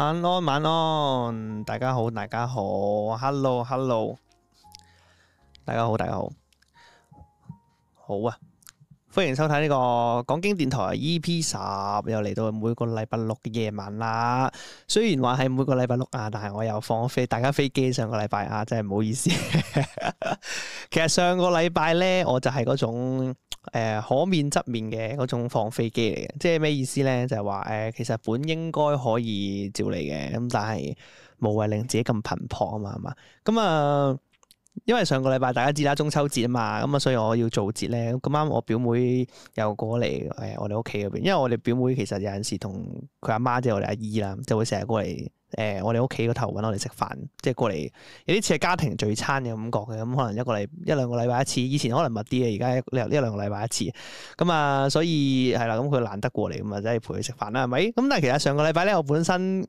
晚安，晚安，大家好，大家好，Hello，Hello，大家好，大家好，好啊，歡迎收睇呢個講經電台 EP 十，又嚟到每個禮拜六嘅夜晚啦。雖然話係每個禮拜六啊，但係我又放飛大家飛機上個禮拜啊，真係唔好意思。 其實上個禮拜呢，我就係嗰種。誒、呃、可免則免嘅嗰種放飛機嚟嘅，即係咩意思咧？就係話誒，其實本應該可以照嚟嘅，咁但係無謂令自己咁頻撲啊嘛，係、嗯、嘛？咁、嗯、啊～、呃因為上個禮拜大家知啦，中秋節啊嘛，咁、嗯、啊，所以我要做節咧，咁啱我表妹又過嚟誒、哎，我哋屋企嗰邊。因為我哋表妹其實有陣時同佢阿媽即係我哋阿姨啦，就會成日過嚟誒、呃，我哋屋企嗰頭搵我哋食飯，即係過嚟有啲似係家庭聚餐嘅感覺嘅，咁、嗯、可能一個禮一兩個禮拜一次，以前可能密啲嘅，而家一,一,一兩個禮拜一次，咁、嗯、啊，所以係啦，咁佢難得過嚟，咁啊，即係陪佢食飯啦，係咪？咁、嗯、但係其實上個禮拜咧，我本身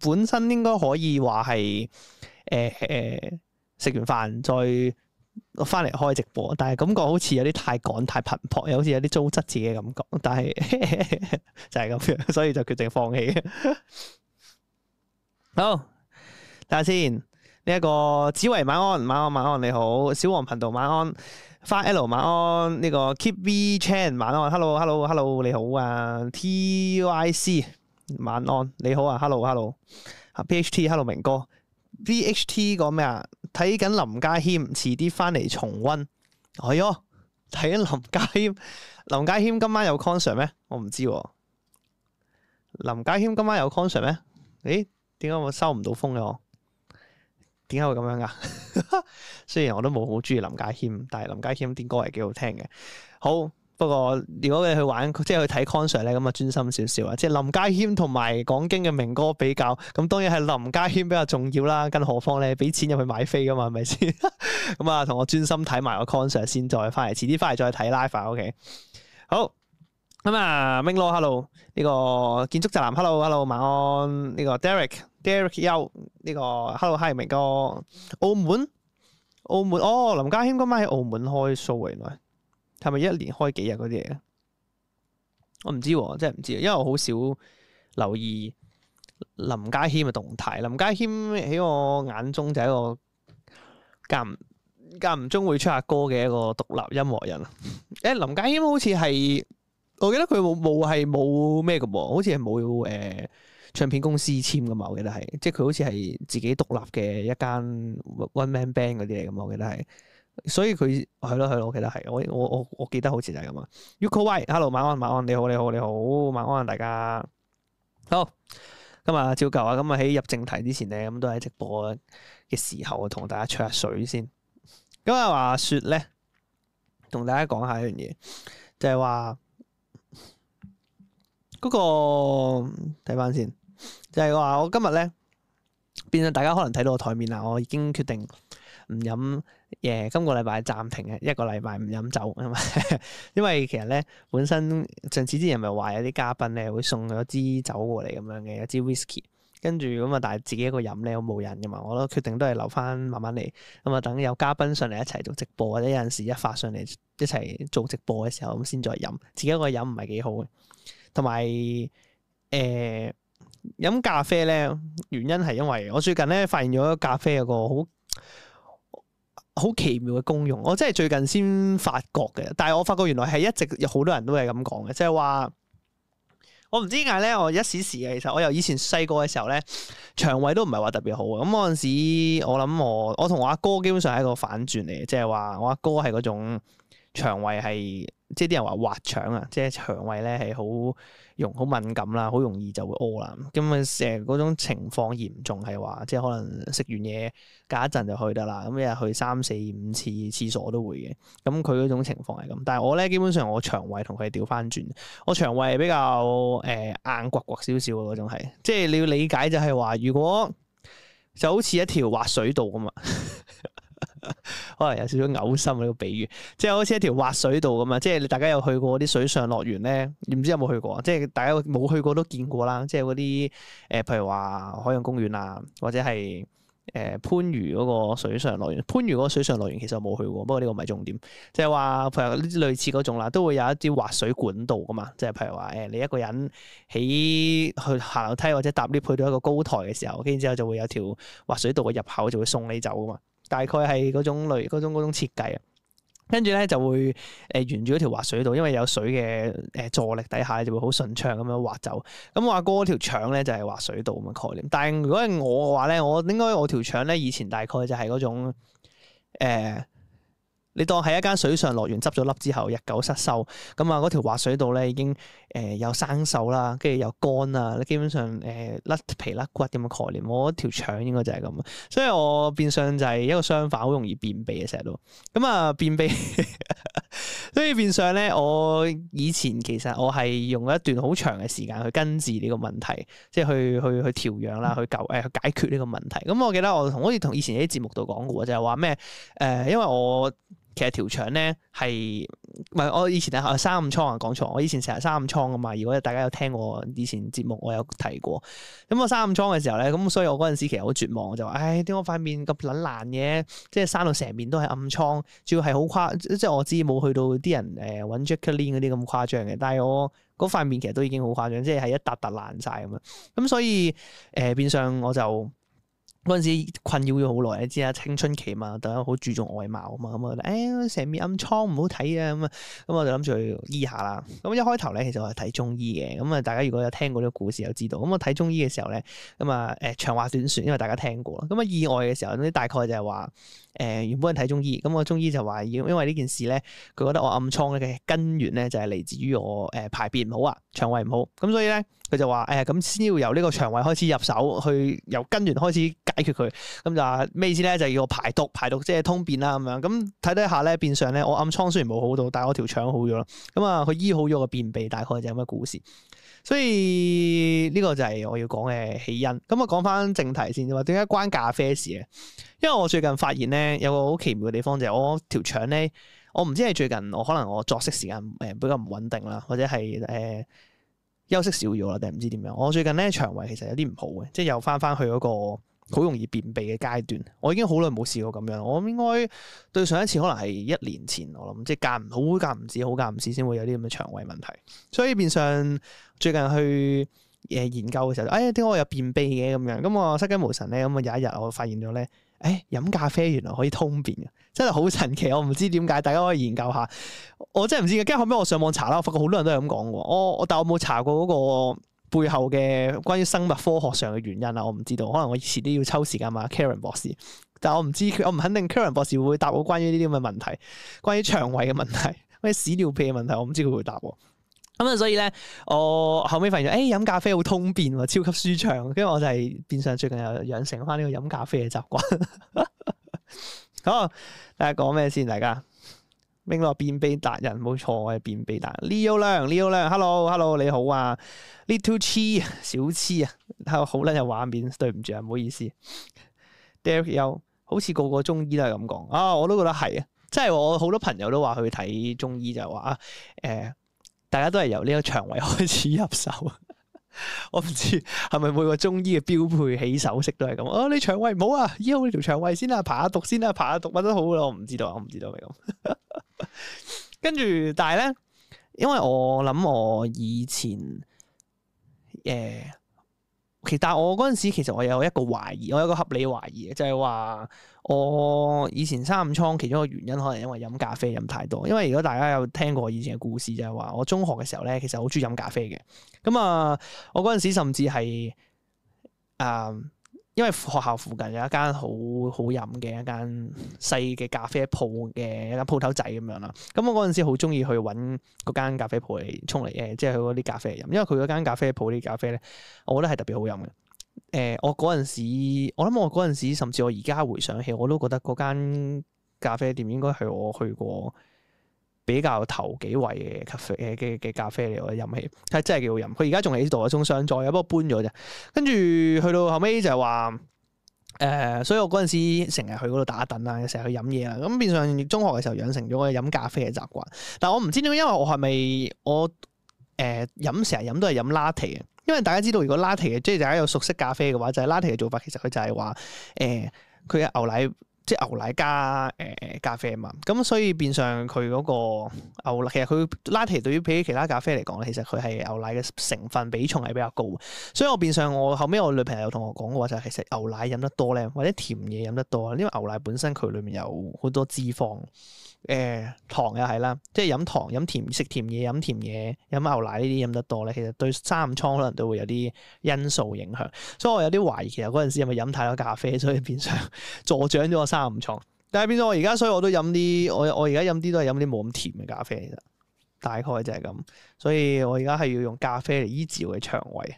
本身應該可以話係誒誒。呃呃呃食完飯再翻嚟開直播，但係感覺好似有啲太趕、太頻撲，又好似有啲糟質自己嘅感覺，但係 就係咁樣，所以就決定放棄。好，睇下先呢一個紫維晚安，晚安，晚安，安，你好，小黃頻道晚安 f i e L 晚安，呢、這個 Keep V Chain 晚安，Hello，Hello，Hello，Hello, Hello, 你好啊，T U I C 晚安，你好啊，Hello，Hello，P H Hello, T Hello 明哥。v h t 講咩啊？睇緊林家謙，遲啲翻嚟重温。哎喲，睇緊林家謙。林家謙今晚有 concert 咩？我唔知、啊。林家謙今晚有 concert 咩？誒，點解我收唔到風嘅？點解會咁樣噶、啊？ 雖然我都冇好中意林家謙，但係林家謙啲歌係幾好聽嘅。好。不過，如果你去玩，即係去睇 concert 咧，咁啊專心少少啊。即係林家謙同埋講經嘅明哥比較，咁當然係林家謙比較重要啦。更何況咧，俾錢入去買飛㗎嘛，係咪先？咁啊，同我專心睇埋個 concert 先，再返嚟，遲啲返嚟再睇 live。OK，好。咁啊，明佬，hello，呢個建築宅男，hello，hello，晚安。呢個 Derek，Derek 優，呢個 hello，hi 明哥，澳門，澳門，哦，oh，林家謙今晚喺澳門開 show 原來。係咪一年開幾日嗰啲嘢？我唔知、啊，真係唔知、啊，因為我好少留意林家謙嘅動態。林家謙喺我眼中就係一個間間唔中會出下歌嘅一個獨立音樂人。誒、欸，林家謙好似係我記得佢冇冇係冇咩嘅喎，好似係冇誒唱片公司簽㗎嘛。我記得係，即係佢好似係自己獨立嘅一間 one man band 嗰啲嚟嘅。我記得係。.所以佢係咯，係咯，我記得係我我我我記得好似就係咁啊。Ukawaii，hello，晚安晚安，你好你好你好，晚安大家。好，今日照舊啊。咁啊喺入正題之前咧，咁都係直播嘅時候，同大家吹下水先。咁啊，話說咧，同大家講下一樣嘢，就係話嗰個睇翻先，就係話我今日咧，變咗大家可能睇到個台面啦，我已經決定。唔飲誒，今個禮拜暫停嘅一個禮拜唔飲酒，因 為因為其實咧本身上次之前咪話有啲嘉賓咧會送咗支酒過嚟咁樣嘅一支 whisky，跟住咁啊，但係自己一個飲咧好冇癮嘅嘛，我都決定都係留翻慢慢嚟，咁、嗯、啊等有嘉賓上嚟一齊做直播，或者有陣時一發上嚟一齊做直播嘅時候咁先再飲，自己一個飲唔係幾好嘅，同埋誒飲咖啡咧原因係因為我最近咧發現咗咖啡有個好好奇妙嘅功用，我真係最近先發覺嘅，但係我發覺原來係一直有好多人都係咁講嘅，即係話我唔知點解咧，我一時時嘅，其實我由以前細個嘅時候咧，腸胃都唔係話特別好嘅，咁嗰陣時我諗我我同我阿哥基本上係一個反轉嚟嘅，即係話我阿哥係嗰種腸胃係。即係啲人話滑腸啊，即係腸胃咧係好容好敏感啦，好容易就會屙啦。咁啊，成嗰種情況嚴重係話，即係可能食完嘢隔一陣就去得啦。咁一日去三四五次廁所都會嘅。咁佢嗰種情況係咁，但係我咧基本上我腸胃同佢調返轉，我腸胃比較誒、呃、硬滑滑少少嗰種係。即係你要理解就係話，如果就好似一條滑水道咁啊。 可能有少少嘔心呢個比喻，即係好似一條滑水道咁啊！即係你大家有去過啲水上樂園咧，唔知有冇去過啊？即係大家冇去過都見過啦，即係嗰啲誒，譬如話海洋公園啊，或者係誒番禺嗰個水上樂園。番禺嗰個水上樂園其實冇去過，不過呢個唔係重點。即係話，譬如類似嗰種啦，都會有一啲滑水管道噶嘛，即係譬如話誒、欸，你一個人起去下樓梯或者搭 lift 去到一個高台嘅時候，跟住之後就會有條滑水道嘅入口就會送你走噶嘛。大概係嗰種類嗰種嗰種設計啊，跟住咧就會誒沿住嗰條滑水道，因為有水嘅誒助力底下，就會好順暢咁樣滑走。咁我阿哥，哥條腸咧就係滑水道咁嘅概念，但係如果係我嘅話咧，我應該我條腸咧以前大概就係嗰種、呃你當喺一間水上樂園執咗粒之後，日久失修，咁啊嗰條滑水道咧已經誒有、呃、生鏽啦，跟住又乾啦，你基本上誒甩、呃、皮甩骨咁嘅概念，我條腸應該就係咁啊，所以我變相就係一個相反，好容易便秘嘅，成日都，咁啊便秘， 所以變相咧，我以前其實我係用一段好長嘅時間去根治呢個問題，即係去去去調養啦，去救誒、呃、去解決呢個問題。咁我記得我同好似同以前啲節目度講過就係話咩誒，因為我。其實條腸咧係唔係我以前啊生暗瘡啊講錯，我以前成日生暗瘡噶嘛，如果大家有聽我以前節目，我有提過。咁我生暗瘡嘅時候咧，咁所以我嗰陣時其實好絕望，我就話，唉，點解塊面咁撚爛嘅？即係生到成面都係暗瘡，主要係好誇，即係我知冇去到啲人誒揾、呃、Jacqueline 嗰啲咁誇張嘅，但係我嗰塊面其實都已經好誇張，即係係一笪笪爛晒咁樣！咁所以誒，變相我就。嗰陣時困擾咗好耐，你知啊，青春期嘛，大家好注重外貌啊嘛，咁、嗯、啊，誒、哎、成面暗瘡唔好睇啊，咁、嗯、啊，咁、嗯、我就諗住去醫下啦。咁、嗯、一開頭咧，其實我係睇中醫嘅，咁、嗯、啊，大家如果有聽過呢個故事，就知道。咁、嗯、我睇中醫嘅時候咧，咁、嗯、啊，誒長話短説，因為大家聽過啦。咁、嗯、啊意外嘅時候，呢大概就係話。誒原本睇中醫，咁我中醫就話要，因為呢件事咧，佢覺得我暗瘡咧嘅根源咧就係嚟自於我誒排便唔好啊，腸胃唔好，咁所以咧佢就話誒咁先要由呢個腸胃開始入手，去由根源開始解決佢，咁就話咩意思咧？就要我排毒，排毒即係通便啦咁樣。咁睇睇下咧，變相咧我暗瘡雖然冇好到，但係我條腸好咗啦。咁啊，佢醫好咗個便秘，大概就係咁嘅故事。所以呢、呢個就係我要講嘅起因。咁、嗯、我講翻正題先啫嘛。點解關咖啡事啊？因為我最近發現咧有個好奇妙嘅地方就係、是、我條腸咧，我唔知係最近我可能我作息時間誒比較唔穩定啦，或者係誒、呃、休息少咗啦，定唔知點樣？我最近咧腸胃其實有啲唔好嘅，即係又翻翻去嗰、那個。好容易便秘嘅階段，我已經好耐冇試過咁樣。我應該對上一次可能係一年前，我諗即係間唔好間唔止、好間唔止先會有啲咁嘅腸胃問題。所以變相最近去誒研究嘅時候，哎點解我有便秘嘅咁樣？咁我失驚無神咧，咁、嗯、啊有一日我發現咗咧，誒、哎、飲咖啡原來可以通便嘅，真係好神奇！我唔知點解，大家可以研究下。我真係唔知嘅，跟後尾我上網查啦，我發覺好多人都係咁講喎。我我但我冇查過嗰、那個。背後嘅關於生物科學上嘅原因啊，我唔知道，可能我遲啲要抽時間問 Karen 博士，但係我唔知，我唔肯定 Karen 博士會答我關於呢啲咁嘅問題，關於腸胃嘅問題，關於屎尿屁嘅問題，我唔知佢會答。咁啊，所以咧，我後尾發現咗，誒、哎，飲咖啡好通便，超級舒暢，跟住我就係變相最近又養成翻呢個飲咖啡嘅習慣。 好，大家講咩先，大家？明樂，便秘達人冇錯，我係便秘達人。Leo 啦，Leo 啦，Hello，Hello，你好啊。Little e s e 小痴，啊，好靚嘅畫面。對唔住啊，唔好意思。Derek，好似個個中醫都係咁講啊，我都覺得係啊，即係我好多朋友都話去睇中醫就話啊，誒、呃，大家都係由呢個腸胃開始入手。 我唔知係咪每個中醫嘅標配起手式都係咁啊？你腸胃唔好啊，醫好你條腸胃先啦，啊，排下毒先啦，啊，排下毒乜都好啦，啊。我唔知道，我唔知道係咁。跟住， 但係咧，因為我諗我以前誒。呃其但係我嗰陣時其實我有一個懷疑，我有一個合理懷疑，就係話我以前生暗瘡其中一個原因，可能因為飲咖啡飲太多。因為如果大家有聽過我以前嘅故事，就係話我中學嘅時候咧，其實好中意飲咖啡嘅。咁啊，我嗰陣時甚至係啊。呃因為學校附近有一間好好飲嘅一間細嘅咖啡鋪嘅一間鋪頭仔咁樣啦，咁我嗰陣時好中意去揾嗰間咖啡鋪嚟沖嚟誒，即係去嗰啲咖啡飲，因為佢嗰間咖啡鋪啲咖啡咧，我覺得係特別好飲嘅。誒、呃，我嗰陣時，我諗我嗰陣時，甚至我而家回想起，我都覺得嗰間咖啡店應該係我去過。比較頭幾位嘅咖啡嘅嘅咖啡嚟，啡在在我飲起係真係幾好飲。佢而家仲喺度啊，中商再，不過搬咗啫。跟住去到後尾，就係話，誒，所以我嗰陣時成日去嗰度打盹啊，成日去飲嘢啊，咁變相中學嘅時候養成咗我飲咖啡嘅習慣。但係我唔知道，因為我係咪我誒、呃、飲成日飲都係飲拉 a 嘅？因為大家知道，如果拉 a 嘅，即係大家有熟悉咖啡嘅話，就係、是、拉 a 嘅做法，其實佢就係話，誒、呃，佢嘅牛奶。即係牛奶加誒、呃、咖啡啊嘛，咁所以變相，佢嗰個牛奶，其實佢拉 a t 對於比起其他咖啡嚟講咧，其實佢係牛奶嘅成分比重係比較高，所以我變相，我後尾我女朋友有同我講嘅話就係其實牛奶飲得多咧，或者甜嘢飲得多，因為牛奶本身佢裡面有好多脂肪。誒、呃、糖又係啦，即係飲糖、飲甜、食甜嘢、飲甜嘢、飲牛奶呢啲飲得多咧，其實對三五瘡可能都會有啲因素影響，所以我有啲懷疑，其實嗰陣時係咪飲太多咖啡，所以變相助長咗我三五瘡。但係變咗我而家，所以我都飲啲，我我而家飲啲都係飲啲冇咁甜嘅咖啡，其實大概就係咁。所以我而家係要用咖啡嚟醫治我嘅腸胃。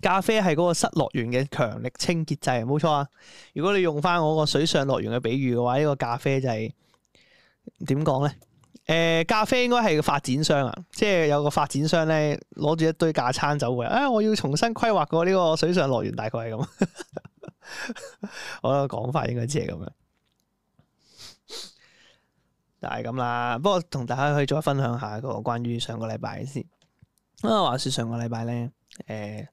咖啡係嗰個失樂園嘅強力清潔劑，冇錯啊！如果你用翻我個水上樂園嘅比喻嘅話，呢、這個咖啡就係點講呢？誒、呃，咖啡應該係個發展商啊，即係有個發展商咧，攞住一堆架餐走嘅，啊、哎，我要重新規劃過呢個水上樂園，大概係咁。 我個講法應該似係咁樣， 就係咁啦。不過同大家可以再分享下個關於上個禮拜先。事。啊，話說上個禮拜咧，誒、呃。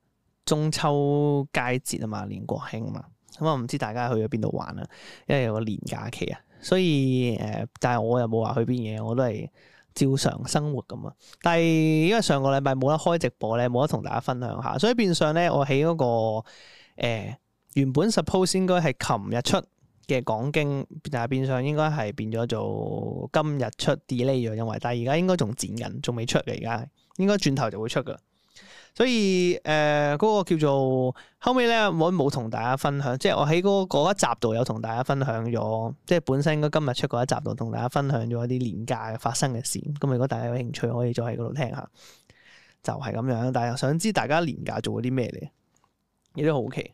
中秋佳節啊嘛，年國慶啊嘛，咁我唔知大家去咗邊度玩啊？因為有個年假期啊，所以誒、呃，但係我又冇話去邊嘢，我都係照常生活咁啊。但係因為上個禮拜冇得開直播咧，冇得同大家分享下，所以變相咧，我喺嗰個、呃、原本 suppose 應該係琴日出嘅講經，但係變相應該係變咗做今日出 delay 咗，因為但係而家應該仲剪緊，仲未出嘅而家，應該轉頭就會出噶。所以誒嗰、呃那個叫做後尾咧，我冇同大家分享，即係我喺嗰一集度有同大家分享咗，即係本身應該今日出嗰一集度同大家分享咗一啲年假嘅發生嘅事。咁如果大家有興趣，可以再喺嗰度聽下，就係、是、咁樣。但係又想知大家年假做過啲咩嚟？亦都好奇，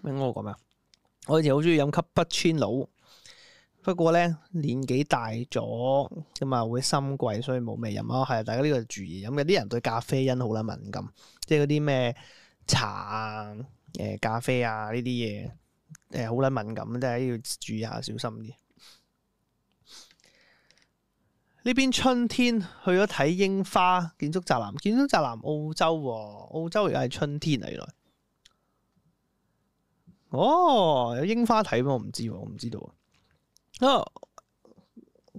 明我講咩？我以前好中意飲卡布奇諾，不過咧年紀大咗咁啊，會心悸，所以冇咩飲咯。係、哦、大家呢個注意，咁有啲人對咖啡因好撚敏感，即係嗰啲咩茶啊、誒咖啡啊呢啲嘢誒好撚敏感，即係要注意下，小心啲。呢邊春天去咗睇櫻花，建築宅男，建築宅男澳洲喎、啊，澳洲又係春天嚟、啊、㗎。哦，有櫻花睇我唔知喎，我唔知道，知道啊，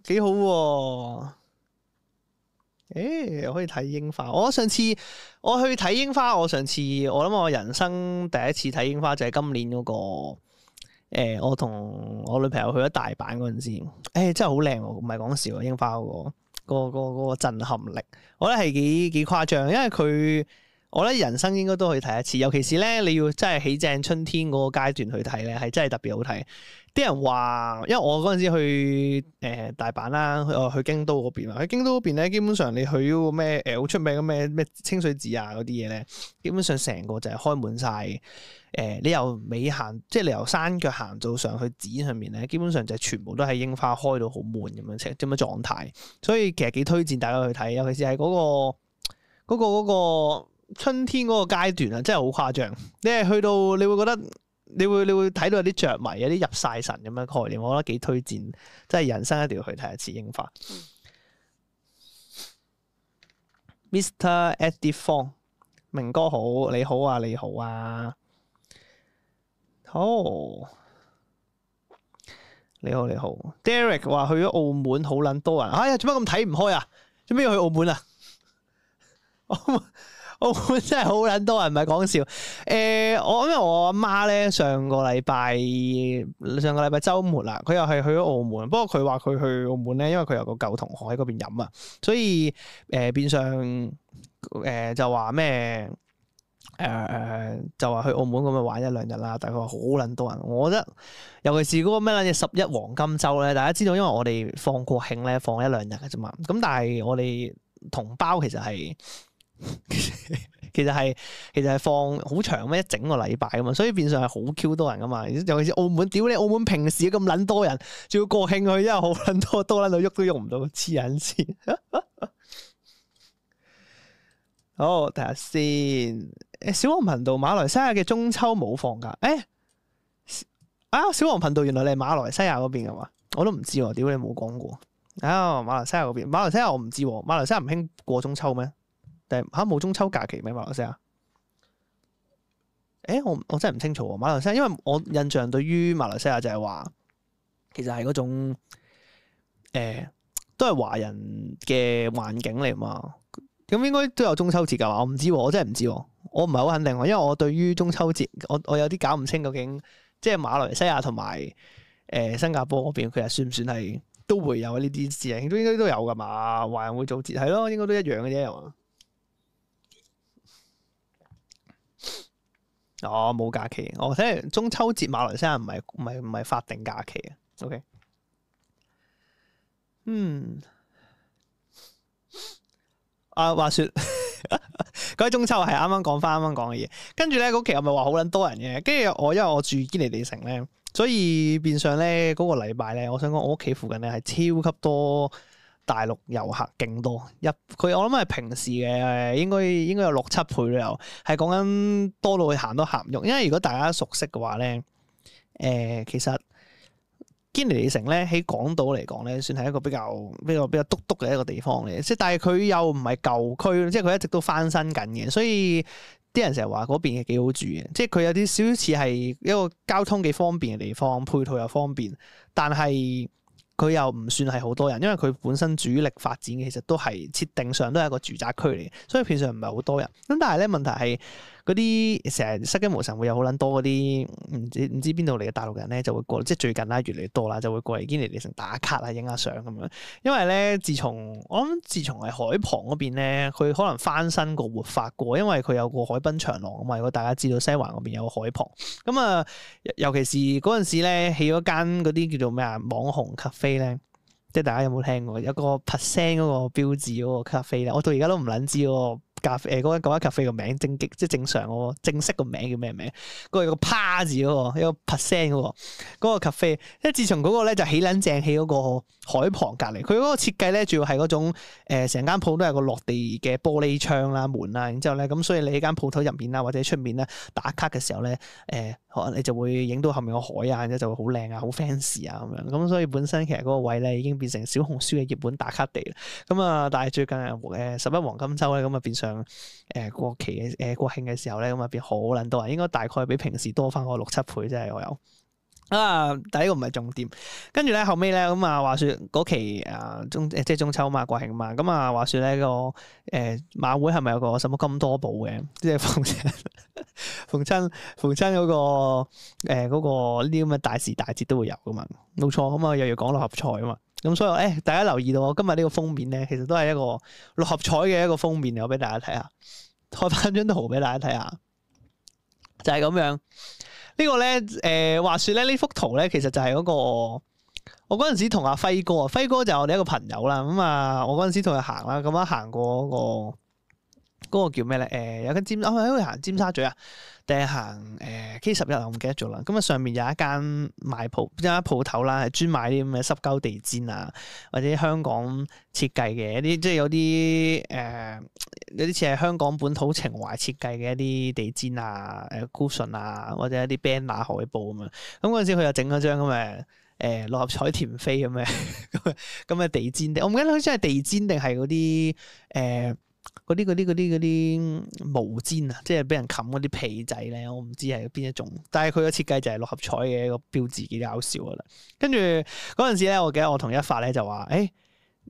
幾好喎、啊！誒、欸，可以睇櫻、哦、櫻花。我上次我去睇櫻花，我上次我諗我人生第一次睇櫻花就係今年嗰、嗰個、欸、我同我女朋友去咗大阪嗰陣時，誒、欸、真係好靚喎！唔係講笑喎、啊，櫻花嗰、嗰個嗰、嗰個嗰個嗰個震撼力，我覺得係幾幾誇張，因為佢。我覺得人生應該都去睇一次，尤其是咧你要真係起正春天嗰個階段去睇咧，係真係特別好睇。啲人話，因為我嗰陣時去誒、呃、大阪啦，哦、呃、去京都嗰邊啊，去京都嗰邊咧，基本上你去嗰個咩誒好出名嘅咩咩清水寺啊嗰啲嘢咧，基本上成個就係開滿晒。誒、呃，你由尾行即係你由山腳行到上去寺上面咧，基本上就全部都係櫻花開到好滿咁樣，即係啲乜狀態。所以其實幾推薦大家去睇，尤其是係嗰個嗰個嗰個。嗰個嗰個嗰個春天嗰個階段啊，真係好誇張。你係去到，你會覺得，你會你會睇到有啲着迷，有啲入晒神咁樣概念，我覺得幾推薦。即係人生一定要去睇一次櫻花。 Mr. Eddie Fong，明哥好，你好啊，你好啊，好，你好你好，你好。Derek 話去咗澳門，好捻多人。哎呀，做乜咁睇唔開啊？做咩要去澳門啊？ 澳門真係好捻多人，唔係講笑。誒、呃，我因為我阿媽咧上個禮拜上個禮拜周末啦，佢又係去咗澳門。不過佢話佢去澳門咧，因為佢有個舊同學喺嗰邊飲啊，所以誒、呃、變相誒、呃、就話咩誒誒就話去澳門咁樣玩一兩日啦。但係佢話好捻多人，我覺得尤其是嗰個咩十一黃金周咧，大家知道，因為我哋放國慶咧，放一兩日嘅啫嘛。咁但係我哋同胞其實係。 其實係其實係放好長咩？一整個禮拜咁嘛，所以變相係好 Q 多人噶嘛。尤其是澳門，屌你！澳門平時咁捻多人，仲要國慶佢，因為好捻多，多捻到喐都喐唔到，黐人線。 好，睇下先。小王頻道，馬來西亞嘅中秋冇放假。誒、欸，啊，小王頻道，原來你係馬來西亞嗰邊噶嘛？我都唔知，屌你冇講過。啊，馬來西亞嗰邊，馬來西亞我唔知，馬來西亞唔興過中秋咩？嚇，冇中秋假期咩馬來西亞？誒、欸，我我真係唔清楚、啊、馬來西亞，因為我印象對於馬來西亞就係話，其實係嗰種、欸、都係華人嘅環境嚟嘛。咁應該都有中秋節㗎嘛？我唔知、啊，我真係唔知、啊，我唔係好肯定、啊。因為我對於中秋節，我我有啲搞唔清究竟，即係馬來西亞同埋誒新加坡嗰邊，佢係算唔算係都會有呢啲節慶？都應該都有㗎嘛，華人會做節，係咯，應該都一樣嘅啫。哦，冇假期，我睇嚟中秋節馬來西亞唔係唔係唔係法定假期啊。OK，嗯，啊話説嗰個中秋係啱啱講翻啱啱講嘅嘢。跟住咧嗰期我咪話好撚多人嘅。跟住我因為我住堅尼地城咧，所以變相咧嗰個禮拜咧，我想講我屋企附近咧係超級多。大陸遊客勁多，一佢我諗係平時嘅，應該應該有六七倍啦。又係講緊多到去行都行唔喐，因為如果大家熟悉嘅話咧，誒、呃、其實堅尼地城咧喺港島嚟講咧，算係一個比較比較比較篤篤嘅一個地方嚟嘅。即係但係佢又唔係舊區，即係佢一直都翻新緊嘅，所以啲人成日話嗰邊係幾好住嘅，即係佢有啲少少似係一個交通幾方便嘅地方，配套又方便，但係。佢又唔算係好多人，因為佢本身主力發展，其實都係設定上都係一個住宅區嚟，所以平常唔係好多人。咁但係咧，問題係。嗰啲成日失雞無神，會有好撚多嗰啲唔知唔知邊度嚟嘅大陸人咧，就會過，即係最近啦，越嚟越多啦，就會過嚟堅尼地城打卡啊，影下相咁樣。因為咧，自從我諗自從係海傍嗰邊咧，佢可能翻身過、活法過，因為佢有個海濱長廊啊嘛。如果大家知道西環嗰邊有個海傍，咁啊，尤其是嗰陣時咧起咗間嗰啲叫做咩啊網紅咖啡咧，即係大家有冇聽過有個 percent 嗰、那個標誌嗰個咖啡咧？我到而家都唔撚知喎、那。個咖啡，誒嗰間嗰間咖啡個名正極即係正常喎，正式名名個名叫咩名？佢係個趴字嗰個，一個 percent 嗰、嗰個，嗰、嗰個咖啡。因為自從嗰個咧就起撚正起嗰個海旁隔籬，佢嗰個設計咧主要係嗰種成、呃、間鋪都有個落地嘅玻璃窗啦、啊、門啦、啊，然之後咧咁，所以你間鋪頭入面啦，或者出面咧打卡嘅時候咧，誒、呃。可能你就會影到後面個海啊，然之後就會好靚啊，好 fancy 啊咁樣。咁所以本身其實嗰個位咧已經變成小紅書嘅熱門打卡地啦。咁啊，但係最近誒、呃、十一黃金周咧，咁啊變上誒、呃、國旗誒、呃、國慶嘅時候咧，咁啊變好撚多人，應該大概比平時多翻個六七倍，真係我有。啊！但係呢個唔係重點。跟住咧，後尾咧咁啊，話說嗰期啊中即係中秋嘛國慶、啊、嘛，咁啊話說咧、那個誒、欸、馬會係咪有個什麼金多寶嘅即係逢親逢親嗰個誒、欸那個呢咁嘅大時大節都會有噶嘛，冇錯，咁啊又要講六合彩啊嘛，咁所以誒、欸、大家留意到我今日呢個封面咧，其實都係一個六合彩嘅一個封面，我俾大家睇下，開翻張圖俾大家睇下，就係、是、咁樣。個呢個咧，誒、呃、話説咧，呢幅圖咧，其實就係嗰、那個我嗰陣時同阿輝哥啊，輝哥就係我哋一個朋友啦。咁啊，我嗰陣時同佢行啦，咁啊行過嗰個嗰個叫咩咧？誒、呃、有間尖，啊喺度行尖沙咀啊！即行誒、呃、K 十日我唔記得咗啦，咁啊上面有一間賣鋪，有一間鋪頭啦，係專賣啲咁嘅濕膠地氈啊，或者香港設計嘅一啲，即係有啲誒、呃、有啲似係香港本土情懷設計嘅一啲地氈啊，誒 cushion 啊，或者一啲 banner 海報啊嘛。咁嗰陣時佢又整咗張咁嘅誒六合彩填飛咁嘅咁嘅地氈，我唔記得好似係地氈定係嗰啲誒。嗰啲嗰啲嗰啲嗰啲毛氈啊，即係俾人冚嗰啲被仔咧，我唔知係邊一種，但係佢個設計就係六合彩嘅一個標誌，幾搞笑噶啦。跟住嗰陣時咧，我記得我同一發咧就話，誒、欸。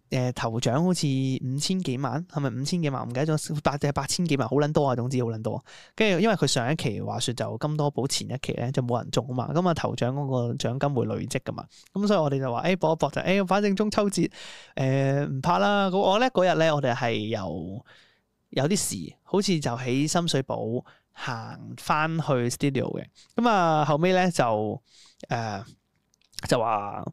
誒、呃，頭獎好似五千幾萬，係咪五千幾萬？唔記得咗，八定八千幾萬？好捻多啊，總之好捻多。跟住，因為佢上一期話說就金多寶前一期咧就冇人中啊嘛，咁、嗯、啊頭獎嗰個獎金會累積噶嘛，咁、嗯、所以我哋就話誒、欸、博一博就誒、欸，反正中秋節誒唔怕啦。我我咧嗰日咧，我哋係由有啲事，好似就喺深水埗行翻去 studio 嘅，咁、嗯、啊、呃、後尾咧就誒、呃、就話。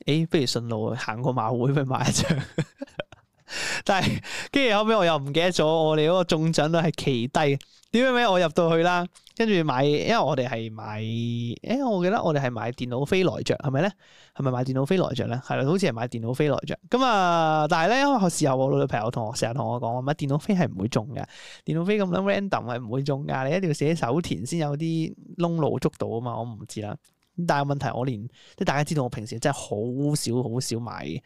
誒、欸，不如順路行過馬會，去買一張。 但係跟住後屘，我又唔記得咗，我哋嗰個中獎率係奇低。點解咩？我入到去啦，跟住買，因為我哋係買，誒、欸，我記得我哋係買電腦飛來着，係咪咧？係咪買電腦飛來着咧？係啦，好似係買電腦飛來着。咁、嗯、啊，但係咧，因為我時候我老豆、朋友我、同學成日同我講，話乜電腦飛係唔會中㗎，電腦飛咁樣 random 係唔會中噶，你一定要寫手填先有啲窿路捉到啊嘛，我唔知啦。但係問題，我連即係大家知道，我平時真係好少好少買誒、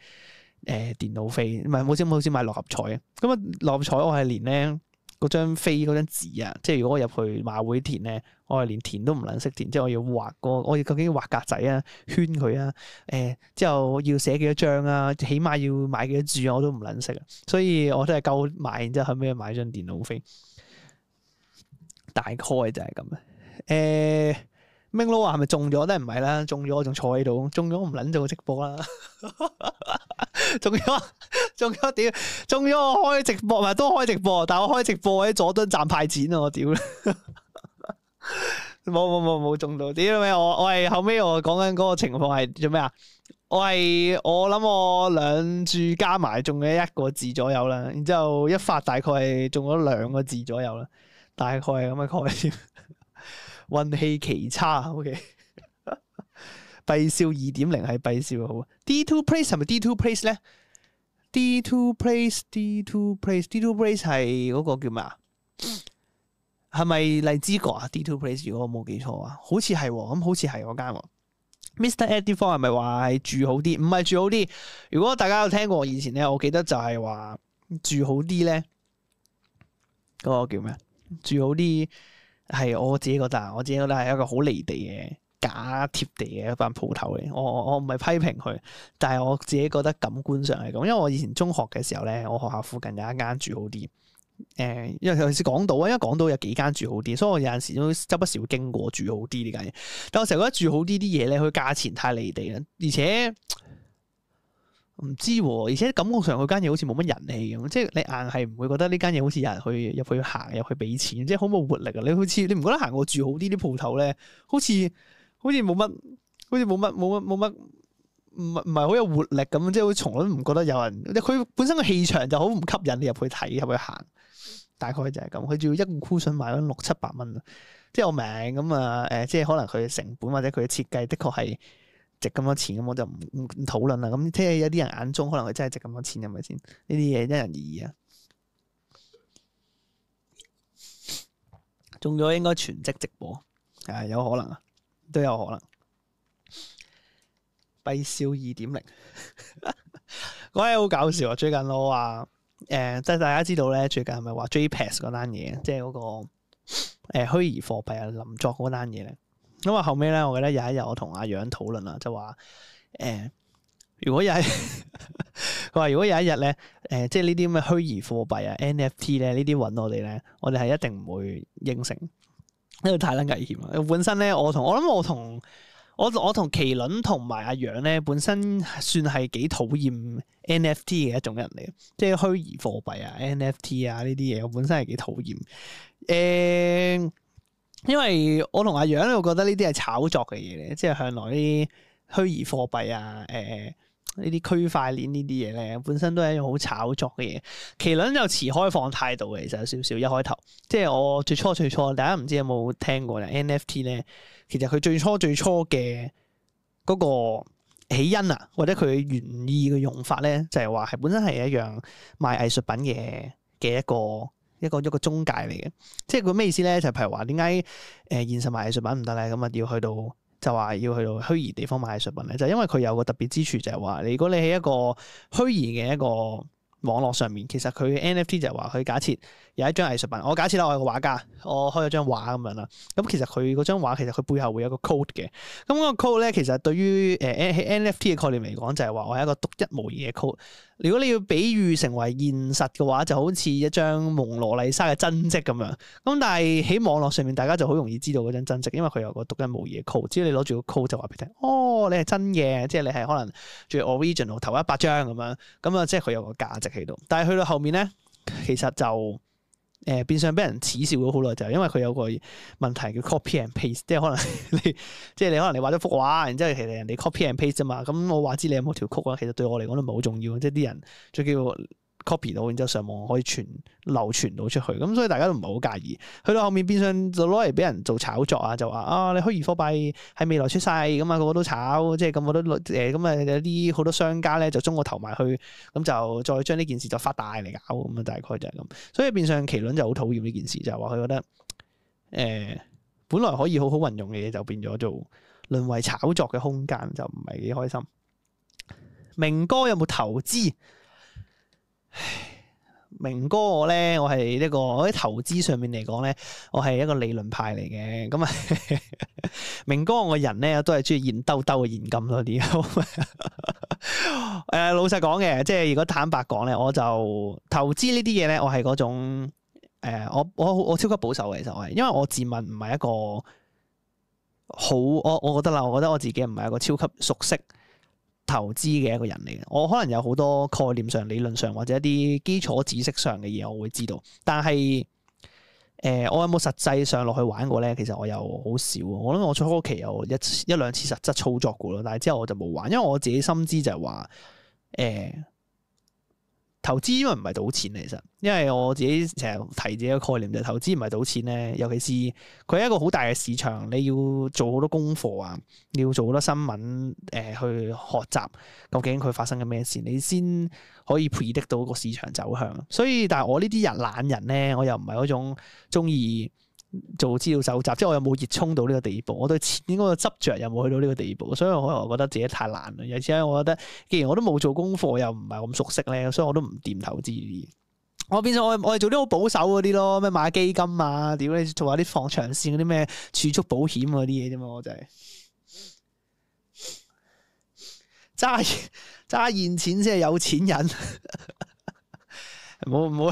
呃、電腦飛，唔係好少好少買六合彩嘅。咁啊，六合彩我係連咧嗰張飛嗰張紙啊，即係如果我入去馬會填咧，我係連填都唔撚識填，即係我要畫個，我要究竟要畫格仔啊，圈佢啊，誒、呃、之後要寫幾多張啊，起碼要買幾多注啊，我都唔撚識啊。所以我都係夠買，然之後後尾買張電腦飛，大概就係咁啊，誒、呃。明佬話係咪中咗？都係唔係啦？中咗我仲坐喺度，中咗我唔撚做直播啦！仲有仲有點，中咗我開直播，唔係都開直播，但係我開直播喺佐敦站派錢啊！我屌，冇冇冇冇中到屌咩？我我係後尾我講緊嗰個情況係做咩啊？我係我諗我兩注加埋中咗一個字左右啦，然之後一發大概係中咗兩個字左右啦，大概係咁嘅概念。運氣奇差，OK 閉閉。閉笑二點零係閉笑，好啊。D two place 係咪 D two place 咧？D two place，D two place，D two place 係嗰個叫咩啊？係咪荔枝角啊？D two place 如果我冇記錯啊，好似係咁，好似係嗰間、哦。Mr. Eighty Four 係咪話係住好啲？唔係住好啲。如果大家有聽過我以前咧，我記得就係話住好啲咧，嗰、嗰個叫咩？住好啲。係我自己覺得，我自己覺得係一個好離地嘅假貼地嘅一班鋪頭嚟。我我唔係批評佢，但係我自己覺得感官上係咁。因為我以前中學嘅時候咧，我學校附近有一間住好啲。誒、呃，尤其是港島啊，因為港島有幾間住好啲，所以我有陣時都周不時會經過住好啲呢間嘢。但我成日覺得住好啲啲嘢咧，佢價錢太離地啦，而且。唔知喎、啊，而且感覺上佢間嘢好似冇乜人氣咁，即係你硬係唔會覺得呢間嘢好似有人去入去行入去俾錢，即係好冇活力啊！你好似你唔覺得行過住好啲啲鋪頭咧，好似好似冇乜，好似冇乜冇乜冇乜，唔唔係好有活力咁，即係從來都唔覺得有人，佢本身嘅氣場就好唔吸引你入去睇入去行，大概就係咁。佢仲要一個箍筍買緊六七百蚊，即係我明咁啊，誒、呃，即係可能佢嘅成本或者佢嘅設計，的確係值咁多錢，咁我就唔唔討論啦。咁即係有啲人眼中可能佢真係值咁多錢，係咪先？呢啲嘢因人而異啊。中咗應該全職直播，係、啊、有可能啊，都有可能。幣少二點零，講起好搞笑啊！最近我話，誒、呃，即係大家知道咧，最近係咪話 JPEX 嗰單嘢，即係嗰個誒虛擬貨幣啊，林作嗰單嘢咧？咁啊，後尾咧，我記得有一日我同阿楊討論啊，就話、是、誒、呃，如果有，佢話如果有一日咧，誒、呃，即係呢啲咩虛擬貨幣啊 NFT 咧，呢啲揾我哋咧，我哋係一定唔會應承，因為太撚危險啊！本身咧，我同我諗我同我我同麒麟同埋阿楊咧，本身算係幾討厭 NFT 嘅一種人嚟嘅，即係虛擬貨幣啊 NFT 啊呢啲嘢，我本身係幾討厭誒。呃因為我同阿楊咧，我覺得呢啲係炒作嘅嘢咧，即係向來呢啲虛擬貨幣啊，誒呢啲區塊鏈呢啲嘢咧，本身都係一種好炒作嘅嘢。麒麟就持開放態度嘅，其實有少少一開頭，即係我最初最初，大家唔知有冇聽過 NFT 咧，其實佢最初最初嘅嗰個起因啊，或者佢原意嘅用法咧，就係話係本身係一樣賣藝術品嘅嘅一個。一個一個中介嚟嘅，即係佢咩意思咧？就係、是、譬如話，點解誒現實買藝術品唔得咧？咁啊，要去到就話要去到虛擬地方買藝術品咧？就是、因為佢有個特別之處就，就係話如果你喺一個虛擬嘅一個網絡上面，其實佢 NFT 就係話，佢假設有一張藝術品，我假設啦，我係個畫家，我開咗張畫咁樣啦。咁其實佢嗰張畫其實佢背後會有個 code 嘅。咁個 code 咧，其實對於誒、呃、NFT 嘅概念嚟講，就係話我係一個獨一無二嘅 code。如果你要比喻成為現實嘅話，就好似一張蒙羅麗莎嘅真跡咁樣。咁但係喺網絡上面，大家就好容易知道嗰張真跡，因為佢有個獨一無二嘅 code。只要你攞住個 code 就話俾你聽，哦，你係真嘅，即係你係可能最 original 頭一百張咁樣。咁啊，即係佢有個價值喺度。但係去到後面咧，其實就～誒、呃、變相畀人恥笑咗好耐，就係因為佢有個問題叫 copy and paste，即係可能你即係你可能你畫咗幅畫，然之後其實人哋 copy and paste 啊嘛，咁我話知你有冇條曲啊，其實對我嚟講都唔係好重要，即係啲人就叫 copy 到，然之後上網可以傳流傳到出去，咁所以大家都唔係好介意。去到後面變相就攞嚟俾人做炒作啊，就話啊，你虛擬貨幣喺未來出世咁啊，個個都炒，即係咁我多誒，咁、呃、啊有啲好多商家咧就中個頭埋去，咁就再將呢件事就發大嚟搞咁啊，大概就係咁。所以變相奇倫就好討厭呢件事，就係話佢覺得誒、呃，本來可以好好運用嘅嘢，就變咗做淪為炒作嘅空間，就唔係幾開心。明哥有冇投資？明哥我咧，我係一、這個我喺投資上面嚟講咧，我係一個理論派嚟嘅。咁、嗯、啊， 明哥我個人咧都係中意現兜兜嘅現金多啲。誒、 呃，老實講嘅，即係如果坦白講咧，我就投資呢啲嘢咧，我係嗰種誒，我我我超級保守嘅，其實我係，因為我自問唔係一個好，我我覺得啦，我覺得我自己唔係一個超級熟悉。投資嘅一個人嚟嘅，我可能有好多概念上、理論上或者一啲基礎知識上嘅嘢，我會知道。但係，誒、呃，我有冇實際上落去玩過呢？其實我又好少。我諗我初期有一、一兩次實質操作過咯，但係之後我就冇玩，因為我自己心知就係話，誒、呃。投資因為唔係賭錢其實，因為我自己成日提自己嘅概念就係投資唔係賭錢咧，尤其是佢係一個好大嘅市場，你要做好多功課啊，你要做好多新聞誒、呃、去學習，究竟佢發生緊咩事，你先可以 predict 到個市場走向。所以，但係我呢啲人懶人咧，我又唔係嗰種中意做資料搜集，即係我有冇熱衷到呢個地步？我對錢嗰個執着又冇去到呢個地步？所以我可能覺得自己太難啦。又或者我覺得，既然我都冇做功課，又唔係咁熟悉咧，所以我都唔掂投資。我變咗我我哋做啲好保守嗰啲咯，咩買基金啊？屌你做下啲放長線嗰啲咩儲蓄保險嗰啲嘢啫嘛？我真係揸揸現錢先係有錢人，冇冇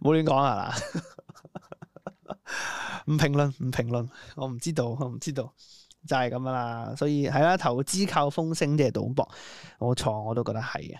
冇亂講啊嗱！別 唔評論，唔評論，我唔知道，我唔知道，就係咁啦。所以係啦、啊，投資靠風聲，即係賭博，冇錯，我都覺得係。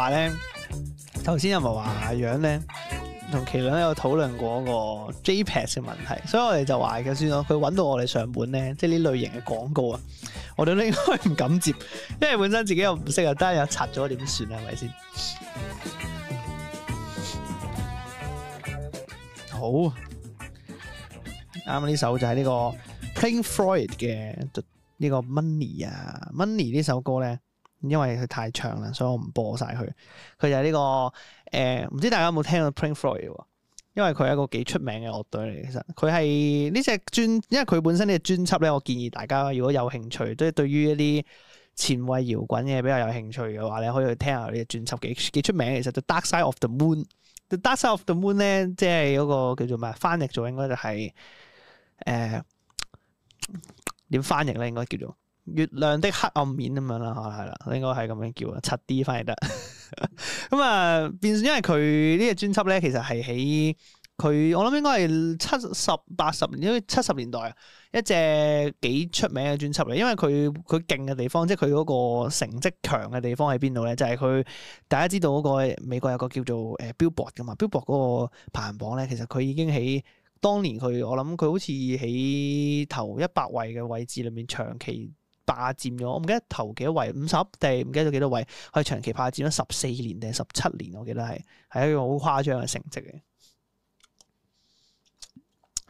話咧，頭先又咪話樣咧，同麒麟有討論過個 JPEG 嘅問題，所以我哋就話嘅先咯。佢搵到我哋上本咧，即係呢類型嘅廣告啊，我哋都應該唔敢接，因為本身自己又唔識，又得又拆咗，點算啊？係咪先？好，啱啱呢首就係呢個 Pink Floyd 嘅呢個 Money 啊 Money 呢首歌咧。因為佢太長啦，所以我唔播晒佢。佢就係呢個誒，唔知大家有冇聽過 Pink Floyd 因為佢係一個幾出名嘅樂隊嚟。其實佢係呢隻專，因為佢本身呢隻專輯咧，我建議大家如果有興趣，即係對於一啲前衛搖滾嘅比較有興趣嘅話你可以去聽下呢隻專輯嘅幾出名。其實《The Dark Side of the Moon》、《The Dark Side of the Moon》咧，即係嗰個叫做咩？翻譯咗應該就係誒點翻譯咧？應該叫做。月亮的黑暗面咁樣啦，可能係啦，應該係咁樣叫啊，七啲翻嚟得。咁啊，變，因為佢呢個專輯咧，其實係喺佢，我諗應該係七十八十年，因為七十年代啊，一隻幾出名嘅專輯嚟。因為佢佢勁嘅地方，即係佢嗰個成績強嘅地方喺邊度咧？就係、是、佢大家知道嗰個美國有個叫做誒、呃、Billboard 噶嘛，Billboard 嗰個排行榜咧，其實佢已經喺當年佢，我諗佢好似喺頭一百位嘅位置裏面長期。霸佔咗，我唔記得投幾多位，五十地，唔記得咗幾多位，佢長期霸佔咗十四年定十七年，我記得係係一個好誇張嘅成績嘅。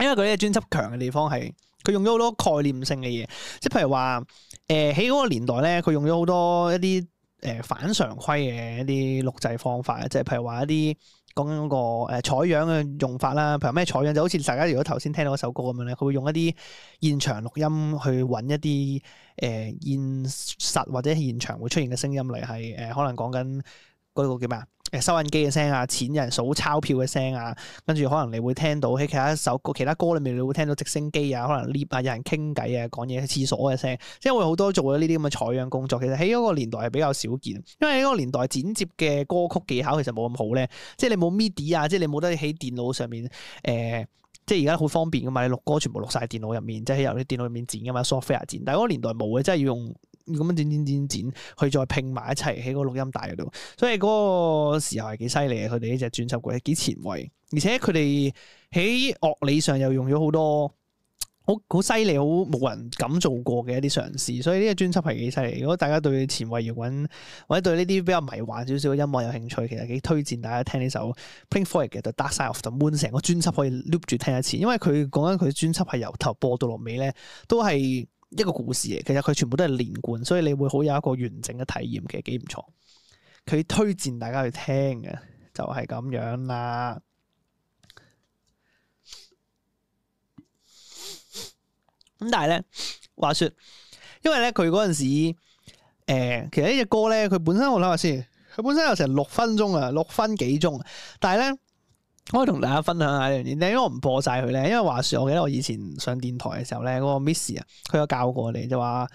因為佢呢個專輯強嘅地方係佢用咗好多概念性嘅嘢，即係譬如話，誒喺嗰個年代咧，佢用咗好多一啲誒、呃、反常規嘅一啲錄製方法，即係譬如話一啲。講緊嗰個誒、呃、採樣嘅用法啦，譬如咩採樣就好似大家如果頭先聽到嗰首歌咁樣咧，佢會用一啲現場錄音去揾一啲誒、呃、現實或者現場會出現嘅聲音嚟係誒可能講緊嗰個叫咩啊？誒收音機嘅聲啊，錢有人數鈔票嘅聲啊，跟住可能你會聽到喺其他一首歌、其他歌裏面，你會聽到直升機啊，可能 lift 啊，有人傾偈啊，講嘢喺廁所嘅聲，即係我好多做咗呢啲咁嘅採樣工作。其實喺嗰個年代係比較少見，因為喺嗰個年代剪接嘅歌曲技巧其實冇咁好咧，即係你冇 MIDI 啊，即係你冇得喺電腦上面誒、呃，即係而家好方便噶嘛，你錄歌全部錄曬電腦入面，即係由啲電腦入面剪噶嘛，software 剪，但係嗰個年代冇嘅，即係要用。咁樣剪剪剪剪，去再拼埋一齊喺個錄音帶度，所以嗰個時候係幾犀利嘅。佢哋呢隻專輯嘅幾前衛，而且佢哋喺樂理上又用咗好多好好犀利、好冇人敢做過嘅一啲嘗試。所以呢個專輯係幾犀利。如果大家對前衛搖滾或者對呢啲比較迷幻少少嘅音樂有興趣，其實幾推薦大家聽呢首 Pink Floyd 嘅《Dark Side of the Moon》，成個專輯可以 loop 住聽一次，因為佢講緊佢專輯係由頭播到落尾咧，都係。一個故事嘅，其實佢全部都係連貫，所以你會好有一個完整嘅體驗，其實幾唔錯。佢推薦大家去聽嘅，就係、是、咁樣啦。咁 但係咧，話說，因為咧佢嗰陣時，誒、呃，其實呢隻歌咧，佢本身我諗下先，佢 本身有成六分鐘啊，六分幾鐘，但係咧。可以同大家分享下呢樣嘢，你因為我唔播晒佢咧，因為話説我記得我以前上電台嘅時候咧，嗰、那個 Miss 啊，佢有教過我哋就話、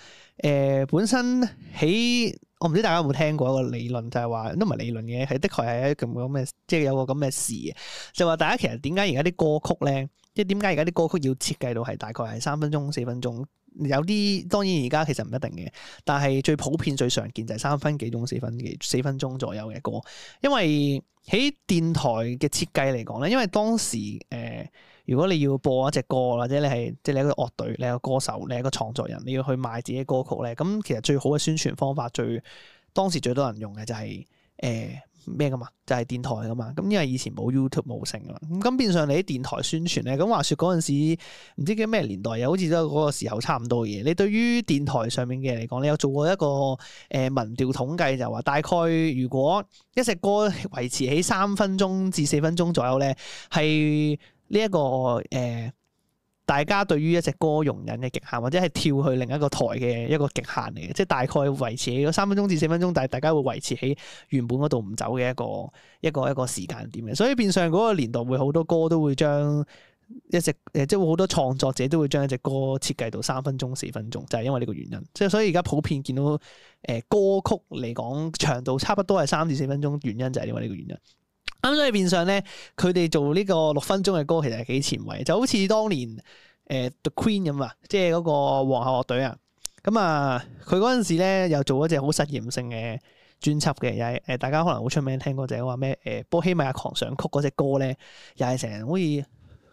是，誒、呃、本身喺我唔知大家有冇聽過一個理論，就係話都唔係理論嘅，係的確係一件咁嘅，即、就、係、是、有個咁嘅事，就話大家其實點解而家啲歌曲咧？即係點解而家啲歌曲要設計到係大概係三分鐘四分鐘？有啲當然而家其實唔一定嘅，但係最普遍最常見就係三分幾鐘四分幾四分鐘左右嘅歌。因為喺電台嘅設計嚟講咧，因為當時誒、呃，如果你要播一隻歌或者你係即係你一個樂隊，你係一個歌手，你係一個創作人，你要去賣自己歌曲咧，咁其實最好嘅宣傳方法，最當時最多人用嘅就係、是、誒。呃咩噶、就係、嘛，就係電台噶嘛，咁因為以前冇 YouTube 無線嘛。咁變相你喺電台宣傳咧，咁話說嗰陣時唔知叫咩年代又好似都嗰個時候差唔多嘅。你對於電台上面嘅嚟講，你有做過一個誒民調統計，就話大概如果一隻歌維持喺三分鐘至四分鐘左右咧，係呢一個誒。呃大家對於一隻歌容忍嘅極限，或者係跳去另一個台嘅一個極限嚟嘅，即係大概維持喺三分鐘至四分鐘，但係大家會維持喺原本嗰度唔走嘅一個一個一個時間點嘅。所以變相嗰個年代會好多歌都會將一隻誒，即係好多創作者都會將一隻歌設計到三分鐘四分鐘，就係因為呢個原因。即係所以而家普遍見到誒歌曲嚟講長度差不多係三至四分鐘，原因就係因為呢個原因。咁所以變相咧，佢哋做呢個六分鐘嘅歌其實係幾前衞，就好似當年誒、呃、The Queen 咁啊，即係嗰個皇后樂隊啊。咁啊，佢嗰陣時咧又做一隻好實驗性嘅專輯嘅，又係誒大家可能好出名聽過，就係話咩誒波希米亞狂想曲嗰隻歌咧，又係成日好似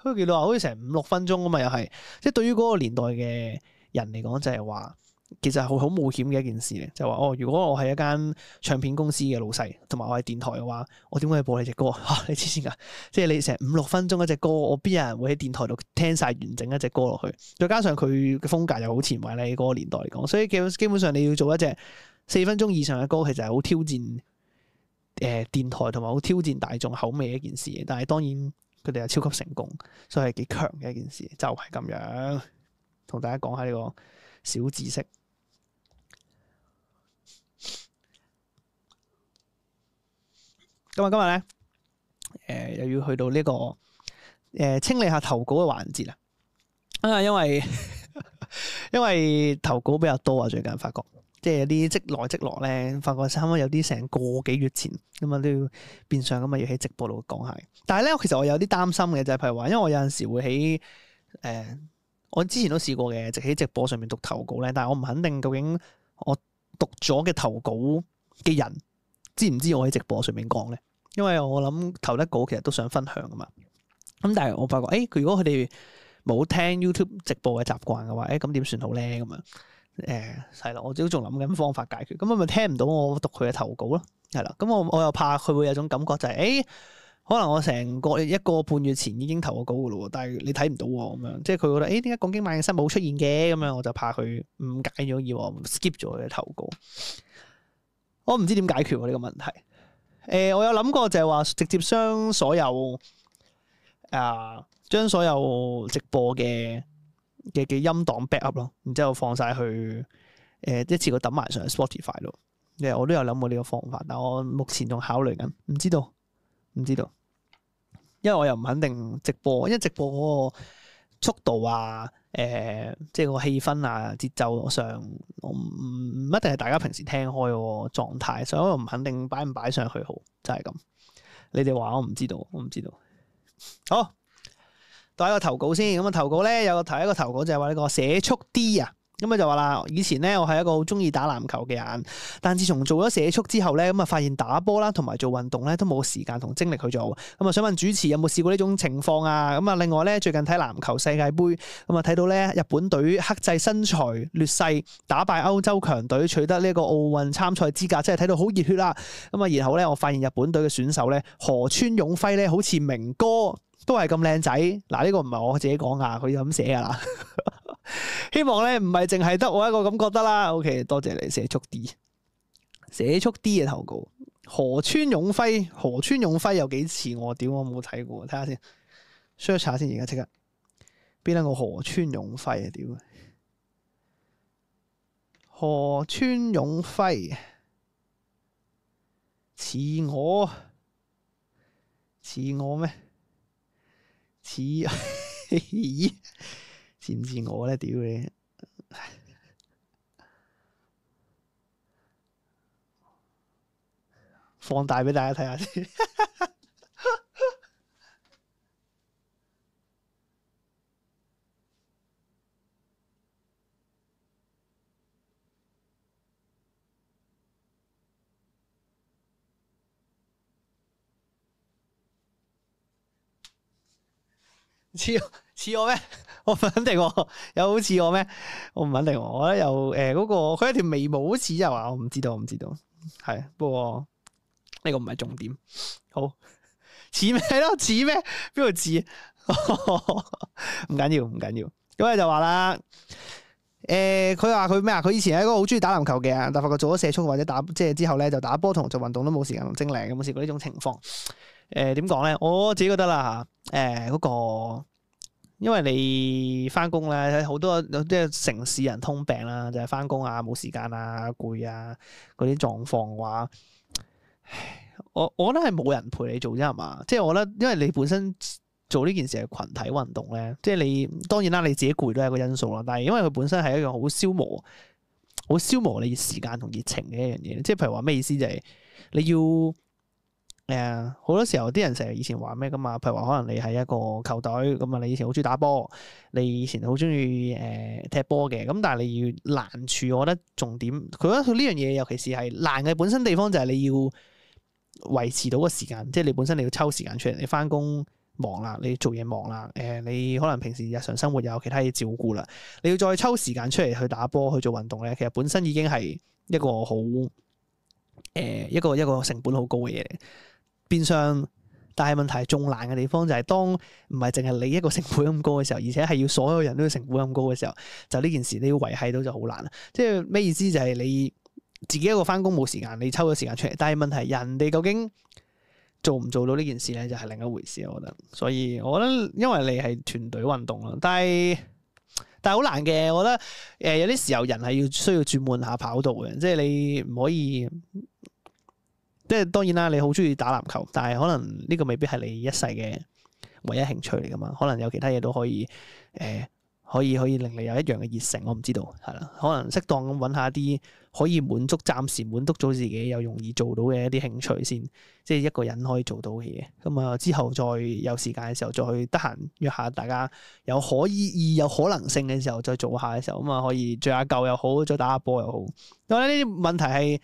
佢幾多啊？好似成五六分鐘啊嘛，又係即係對於嗰個年代嘅人嚟講就係話。其實係好好冒險嘅一件事嘅，就話、係、哦，如果我係一間唱片公司嘅老細，同埋我係電台嘅話，我點解要播你隻歌？啊、你黐線噶！即係你成五六分鐘一隻歌，我邊有人會喺電台度聽晒完整一隻歌落去？再加上佢嘅風格又好前衛，你嗰個年代嚟講，所以基本，基本上你要做一隻四分鐘以上嘅歌，其實係好挑戰誒、呃、電台同埋好挑戰大眾口味嘅一件事。但係當然佢哋係超級成功，所以係幾強嘅一件事，就係、係、咁樣同大家講下呢個小知識。咁啊，今日咧，誒、呃、又要去到呢、呢個誒、呃、清理下投稿嘅環節啊！啊，因為 因為投稿比較多啊，最近發覺，即係有啲積來積落咧，發覺差唔多有啲成個幾月前咁啊、嗯、都要變相咁啊，要喺直播度講下。但係咧，其實我有啲擔心嘅，就係、是、譬如話，因為我有陣時會喺誒、呃，我之前都試過嘅，直喺直播上面讀投稿咧，但係我唔肯定究竟我讀咗嘅投稿嘅人。知唔知我喺直播上面講咧？因為我諗投得稿其實都想分享㗎嘛。咁但係我發覺，誒、哎、佢如果佢哋冇聽 YouTube 直播嘅習慣嘅話，誒咁點算好咧？咁樣誒係啦，我都仲諗緊方法解決。咁咪聽唔到我讀佢嘅投稿咯。係啦，咁我我又怕佢會有種感覺就係、是，誒、哎、可能我成個一個半月前已經投過稿嘅咯，但係你睇唔到我咁樣，即係佢覺得，誒點解《講經萬生》冇出現嘅？咁樣我就怕佢誤解咗而 skip 咗佢嘅投稿。我唔知點解決我、啊、呢、這個問題。誒、呃，我有諗過就係話直接將所有啊、呃，將所有直播嘅嘅嘅音檔 backup 咯，然之後放晒去誒、呃、一次過抌埋上去 Spotify 度。誒、呃，我都有諗過呢個方法，但我目前仲考慮緊，唔知道，唔知道，因為我又唔肯定直播，因為直播嗰個速度啊。誒、呃，即係個氣氛啊，節奏我上唔唔一定係大家平時聽開嘅狀態，所以我唔肯定擺唔擺上去好，就係咁。你哋話我唔知道，我唔知道。好，第一個投稿先，咁、那、啊、個、投稿咧，有個第一個投稿就係話呢個寫速啲啊。咁啊、嗯、就話啦，以前咧我係一個好中意打籃球嘅人，但自從做咗社畜之後咧，咁啊發現打波啦，同埋做運動咧都冇時間同精力去做。咁、嗯、啊想問主持有冇試過呢種情況啊？咁、嗯、啊另外咧最近睇籃球世界杯，咁啊睇到咧日本隊克制身材劣勢，打敗歐洲強隊，取得呢個奧運參賽資格，真係睇到好熱血啦。咁、嗯、啊然後咧我發現日本隊嘅選手咧河村勇輝咧好似明哥都係咁靚仔。嗱、嗯、呢、這個唔係我自己講啊，佢咁寫噶啦。 希望咧唔係淨係得我一個咁覺得啦。OK，多謝你寫速啲，寫速啲嘅投稿。河村勇輝，河村勇輝有幾似我？屌，我冇睇過，睇下先。search 下先，而家即刻邊兩個河村勇輝啊？屌！河村勇輝似我似我咩？似啊！ 知唔知我咧？屌你！放大畀大家睇下先。 似我咩？我唔肯定。有好似我咩？我唔肯定我。我咧又，誒、呃，嗰、那個佢一條眉毛好似又話，我唔知道，我唔知道。係，不過呢、這個唔係重點。好似咩咯？似咩？邊度似？唔緊 要，要，唔緊要，要。咁咧就話啦，誒、呃，佢話佢咩啊？佢以前係一個好中意打籃球嘅，但係發覺做咗社畜或者打即係、就是、之後咧，就打波同做運動都冇時間同精力。有冇試過呢種情況？誒、呃，點講咧？我自己覺得啦吓，誒、呃，那個。因為你翻工咧，好多即係城市人通病啦，就係翻工啊，冇時間啊，攰啊，嗰啲狀況話，我我覺得係冇人陪你做啫，係嘛？即係我覺得，因為你本身做呢件事係群體運動咧，即係你當然啦，你自己攰都係一個因素啦。但係因為佢本身係一樣好消磨、好消磨你時間同熱情嘅一樣嘢。即係譬如話咩意思、就係？就係你要。係好多時候啲人成日以前話咩噶嘛？譬如話可能你係一個球隊咁啊，你以前好中意打波，你以前好中意誒踢波嘅。咁但係你要難處，我覺得重點，佢覺得呢樣嘢，尤其是係難嘅本身地方就係你要維持到個時間，即係你本身你要抽時間出嚟。你翻工忙啦，你做嘢忙啦，誒、呃，你可能平時日常生活有其他嘢照顧啦，你要再抽時間出嚟去打波去做運動咧，其實本身已經係一個好誒、呃、一個一個成本好高嘅嘢。變相，但係問題係仲難嘅地方就係當唔係淨係你一個成本咁高嘅時候，而且係要所有人都要成本咁高嘅時候，就呢件事你要維係到就好難啦。即係咩意思？就係你自己一個返工冇時間，你抽咗時間出嚟，但係問題人哋究竟做唔做到呢件事咧，就係另一回事。我覺得，所以我覺得因為你係團隊運動咯，但係但係好難嘅。我覺得誒有啲時候人係要需要轉換下跑道嘅，即係你唔可以。即係當然啦，你好中意打籃球，但係可能呢個未必係你一世嘅唯一興趣嚟噶嘛。可能有其他嘢都可以，誒、呃，可以可以令你有一樣嘅熱誠。我唔知道，係啦，可能適當咁揾下啲可以滿足，暫時滿足咗自己又容易做到嘅一啲興趣先，即係一個人可以做到嘅嘢。咁啊，之後再有時間嘅時候，再去得閒約下大家，有可以、有可能性嘅時，時候，再做下嘅時候，咁啊，可以聚下舊又好，再打下波又好。我覺得呢啲問題係。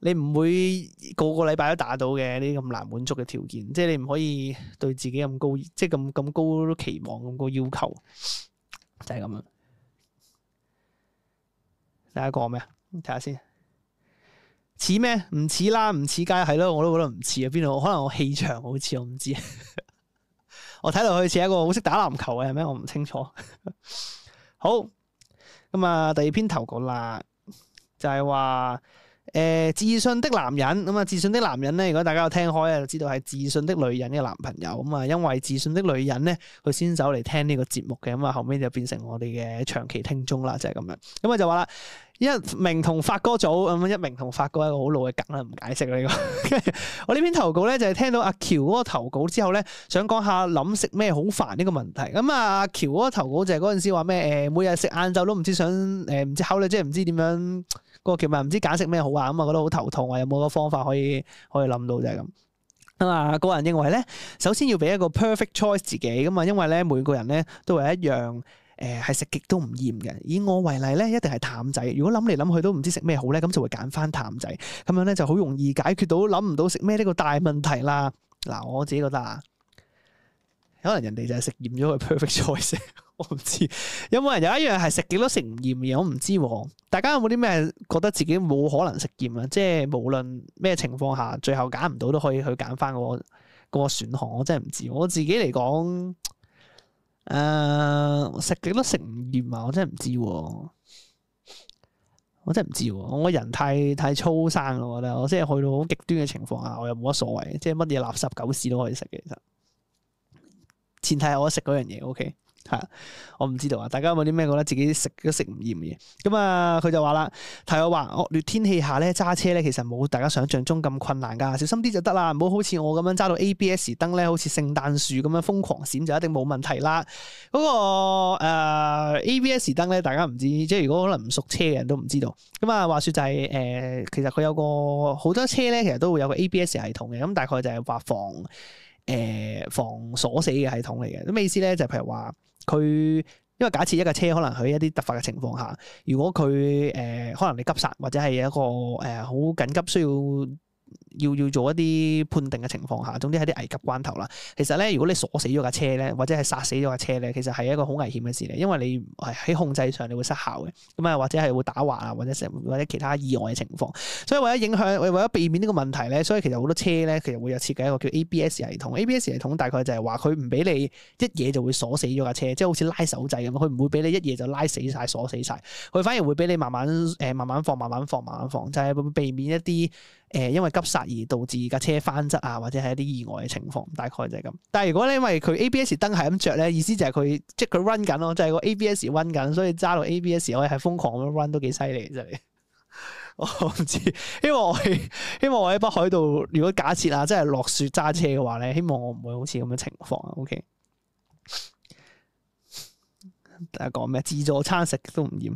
你唔會個個禮拜都打到嘅呢啲咁難滿足嘅條件，即係你唔可以對自己咁高，即係咁咁高期望咁高要求，就係咁樣。第一個咩？睇下先，似咩？唔似啦，唔似架，係咯，我都覺得唔似啊。邊度？可能我氣場好似，我唔知。 我睇落去似一個好識打籃球嘅係咩？我唔清楚。 好，咁啊，第二篇頭講啦，就係話。誒，自信的男人咁啊！自信的男人咧，如果大家有聽開啊，就知道係自信的女人嘅男朋友咁啊。因為自信的女人咧，佢先走嚟聽呢個節目嘅，咁啊，後尾就變成我哋嘅長期聽眾啦，就係、是、咁樣。咁、嗯、啊，就話啦，一名同發哥組，咁一名同發哥係一個好老嘅梗啦，唔解釋呢個。 我呢篇投稿咧，就係、是、聽到阿喬嗰個投稿之後咧，想講下諗食咩好煩呢個問題。咁、嗯、啊，阿喬嗰個投稿就係嗰陣時話咩？誒、呃，每日食晏晝都唔知想，誒、呃，唔知考慮咧，即係唔知點樣。個叫咪唔知揀食咩好啊，咁啊覺得好頭痛啊，有冇個方法可以可以諗到就係咁啊？個人認為咧，首先要俾一個 perfect choice 自己咁啊，因為咧每個人咧都係一樣誒，係食極都唔厭嘅以我為例咧，一定係淡仔。如果諗嚟諗去都唔知食咩好咧，咁就會揀翻淡仔。咁樣咧就好容易解決到諗唔到食咩呢個大問題啦。嗱、啊，我自己覺得啊。可能人哋就係食厭咗佢 perfect choice，我唔知 有冇人有一樣係食幾多食唔厭，我唔知、啊。大家有冇啲咩覺得自己冇可能食厭啊？即係無論咩情況下，最後揀唔到都可以去揀翻、嗰個、嗰個選項。我真係唔知。我自己嚟講，誒、呃，食幾多食唔厭啊？我真係唔知。我真係唔知。我個人太太粗生，我覺得我真係去到好極端嘅情況下，我又冇乜所謂，即係乜嘢垃圾狗屎都可以食嘅，其實。前提係我食嗰樣嘢，OK，係、啊、我唔知道啊。大家有冇啲咩覺得自己食都食唔厭嘅？咁啊，佢、嗯呃、就話啦，提我話，惡劣天氣下咧揸車咧，其實冇大家想象中咁困難噶，小心啲就得啦，唔好好似我咁樣揸到 ABS 燈咧，好似聖誕樹咁樣瘋狂閃就一定冇問題啦。嗰、那個誒、呃、ABS 燈咧，大家唔知，即係如果可能唔熟車嘅人都唔知道。咁、嗯、啊，話説就係、是、誒、呃，其實佢有個好多車咧，其實都會有個 ABS 系統嘅，咁大概就係話，防。誒、呃、防鎖死嘅系統嚟嘅，咁咩意思咧？就係、是、譬如話，佢因為假設一架車可能喺一啲突發嘅情況下，如果佢誒、呃、可能你急剎或者係有一個誒好、呃、緊急需要。要要做一啲判定嘅情況下，總之喺啲危急關頭啦。其實咧，如果你鎖死咗架車咧，或者係殺死咗架車咧，其實係一個好危險嘅事嚟，因為你係喺控制上你會失效嘅，咁啊或者係會打滑啊，或者成或，或者其他意外嘅情況。所以為咗影響，為咗避免呢個問題咧，所以其實好多車咧，其實會有設計一個叫 ABS 系統。ABS 系統大概就係話佢唔俾你一嘢就會鎖死咗架車，即係好似拉手掣咁，佢唔會俾你一嘢就拉死晒、鎖死晒，佢反而會俾你慢慢誒、呃、慢慢放、慢慢放、慢慢放，就係避免一啲誒、呃、因為急剎。而導致架車翻側啊，或者係一啲意外嘅情況，大概就係咁。但係如果你因為佢 ABS 燈係咁着咧，意思就係佢即係佢 run 緊咯，就係個 ABS run 緊，所以揸到 ABS 可以係瘋狂咁 run 都幾犀利，真係， 我唔知。希望我希望我喺北海道，如果假設啊，即係落雪揸車嘅話咧，希望我唔會好似咁嘅情況。O K。大家講咩？自助餐食都唔厭。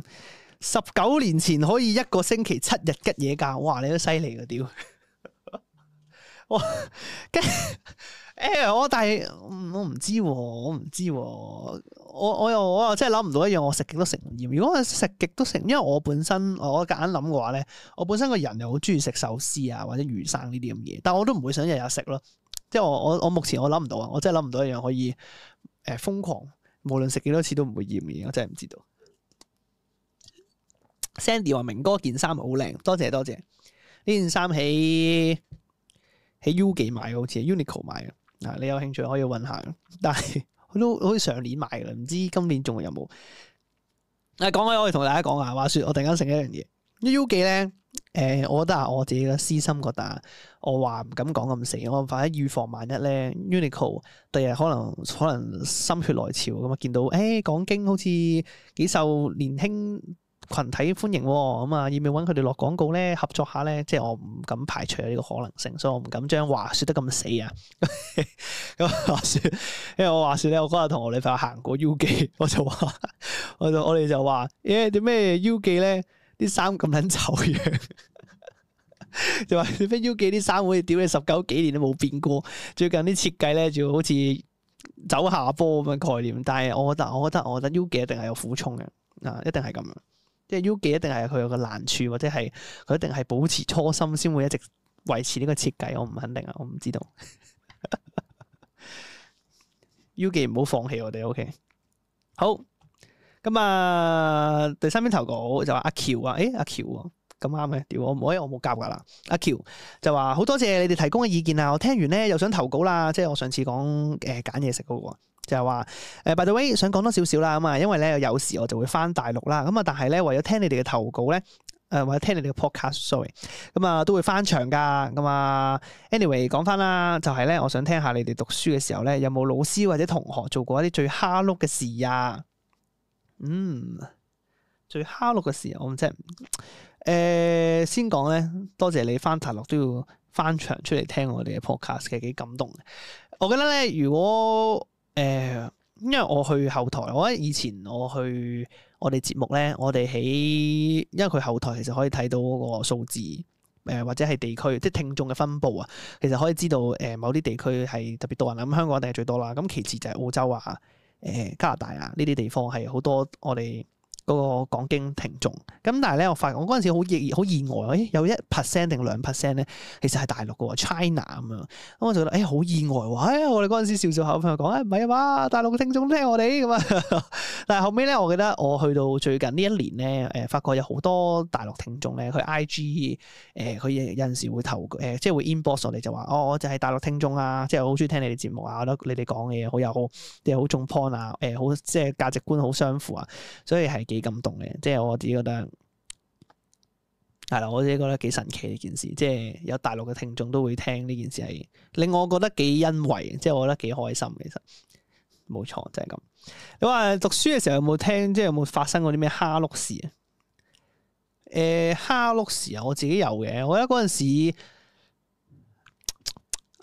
十九年前可以一個星期七日吉野家，哇！你都犀利啊！屌。 我跟，誒，我但係我唔知、啊，我唔知，我我又我又真係諗唔到一樣，我食極都食唔厭。如果我食極都食，因為我本身我夾硬諗嘅話咧，我本身個人又好中意食壽司啊或者魚生呢啲咁嘢，但我都唔會想日日食咯。即係我我我目前我諗唔到啊，我真係諗唔到一樣可以誒瘋、呃、狂，無論食幾多次都唔會厭嘅，我真係唔知道。Sandy 話明哥件衫好靚，多謝多謝呢件衫起。喺 U 記買嘅好似係 Uniqlo 買嘅，嗱、啊、你有興趣可以揾下，但係佢 都好似上年買嘅，唔知今年仲有冇？誒、啊、講開我要同大家講下話説我突然間醒一樣嘢，U 記咧，誒、呃、我覺得啊，我自己嘅私心覺得，我話唔敢講咁死，我反而預防萬一咧，Uniqlo 第日可能可能心血來潮咁啊，見到誒、欸、講經好似幾受年輕群體歡迎喎，咁啊，要唔要揾佢哋落廣告咧？合作下咧，即係我唔敢排除呢個可能性，所以我唔敢將話説得咁死啊。咁 話説，因為我話説咧，我嗰日同我女朋友行過 U 記，我就話，我就我哋就話，誒點咩 U 記咧，啲衫咁撚醜樣，就話咩 U 記啲衫會屌你十九幾年都冇變過，最近啲設計咧就好似走下坡咁嘅概念。但係我,我覺得，我覺得，我覺得 U 記一定係有苦衷嘅，啊，一定係咁即係 U 記一定係佢有個難處，或者係佢一定係保持初心先會一直維持呢個設計，我唔肯定啊，我唔知道。 U 記唔好放棄我哋，OK？好，咁啊，第三篇投稿就話阿喬啊，誒，阿喬啊。咁啱嘅，屌我唔可以，我冇夾噶啦。Ar kiu 就話好多謝你哋提供嘅意見啊，我聽完咧又想投稿啦，即係我上次講誒揀嘢食嗰、嗰個，就係話誒 by the way 想講多少少啦，咁啊，因為咧有有時我就會返大陸啦，咁啊，但係咧為咗聽你哋嘅投稿咧，誒為咗聽你哋嘅 podcast，sorry 咁啊都會翻牆噶，咁啊，anyway 講返啦，就係、是、咧我想聽下你哋讀書嘅時候咧有冇老師或者同學做過一啲最蝦碌嘅事啊？嗯，最蝦碌嘅事，我唔知。誒、呃，先講咧，多謝你翻大陸都要翻牆出嚟聽我哋嘅 podcast，其實幾感動嘅。我覺得咧，如果誒、呃，因為我去後台，我覺得以前我去我哋節目咧，我哋喺因為佢後台其實可以睇到嗰個數字誒、呃，或者係地區，即係聽眾嘅分布啊，其實可以知道誒、呃，某啲地區係特別多人啦。咁香港一定係最多啦，咁其次就係澳洲啊、誒、呃、加拿大啊呢啲地方係好多我哋。嗰個講經聽眾，咁但係咧，我發覺我嗰陣時好異好意外，有一 percent 定兩 percent 咧，其實係大陸嘅喎，China 咁樣，咁我就覺得誒好、欸、意外喎，我哋嗰陣時笑笑口咁樣講，唔係啊嘛，大陸嘅聽眾聽我哋咁啊， 但係後尾咧，我記得我去到最近呢一年咧，誒、呃、發覺有好多大陸聽眾咧，佢 IG 誒、呃、佢有陣時會投誒、呃，即係會 inbox 我哋就話，哦我就係大陸聽眾啊，即係好中意聽你哋節目啊，我覺得你哋講嘅嘢好有好，啲好重 point 啊，誒、呃、好即係價值觀好相符啊，所以係幾。感動嘅，即係我自己覺得係啦、嗯，我自己覺得幾神奇呢件事，即係有大陸嘅聽眾都會聽呢件事，係令我覺得幾欣慰，即係我覺得幾開心。其實冇錯，就係咁。你話讀書嘅時候有冇聽，即係有冇發生過啲咩蝦碌事啊？誒、呃，蝦碌事啊，我自己有嘅。我覺得嗰陣時。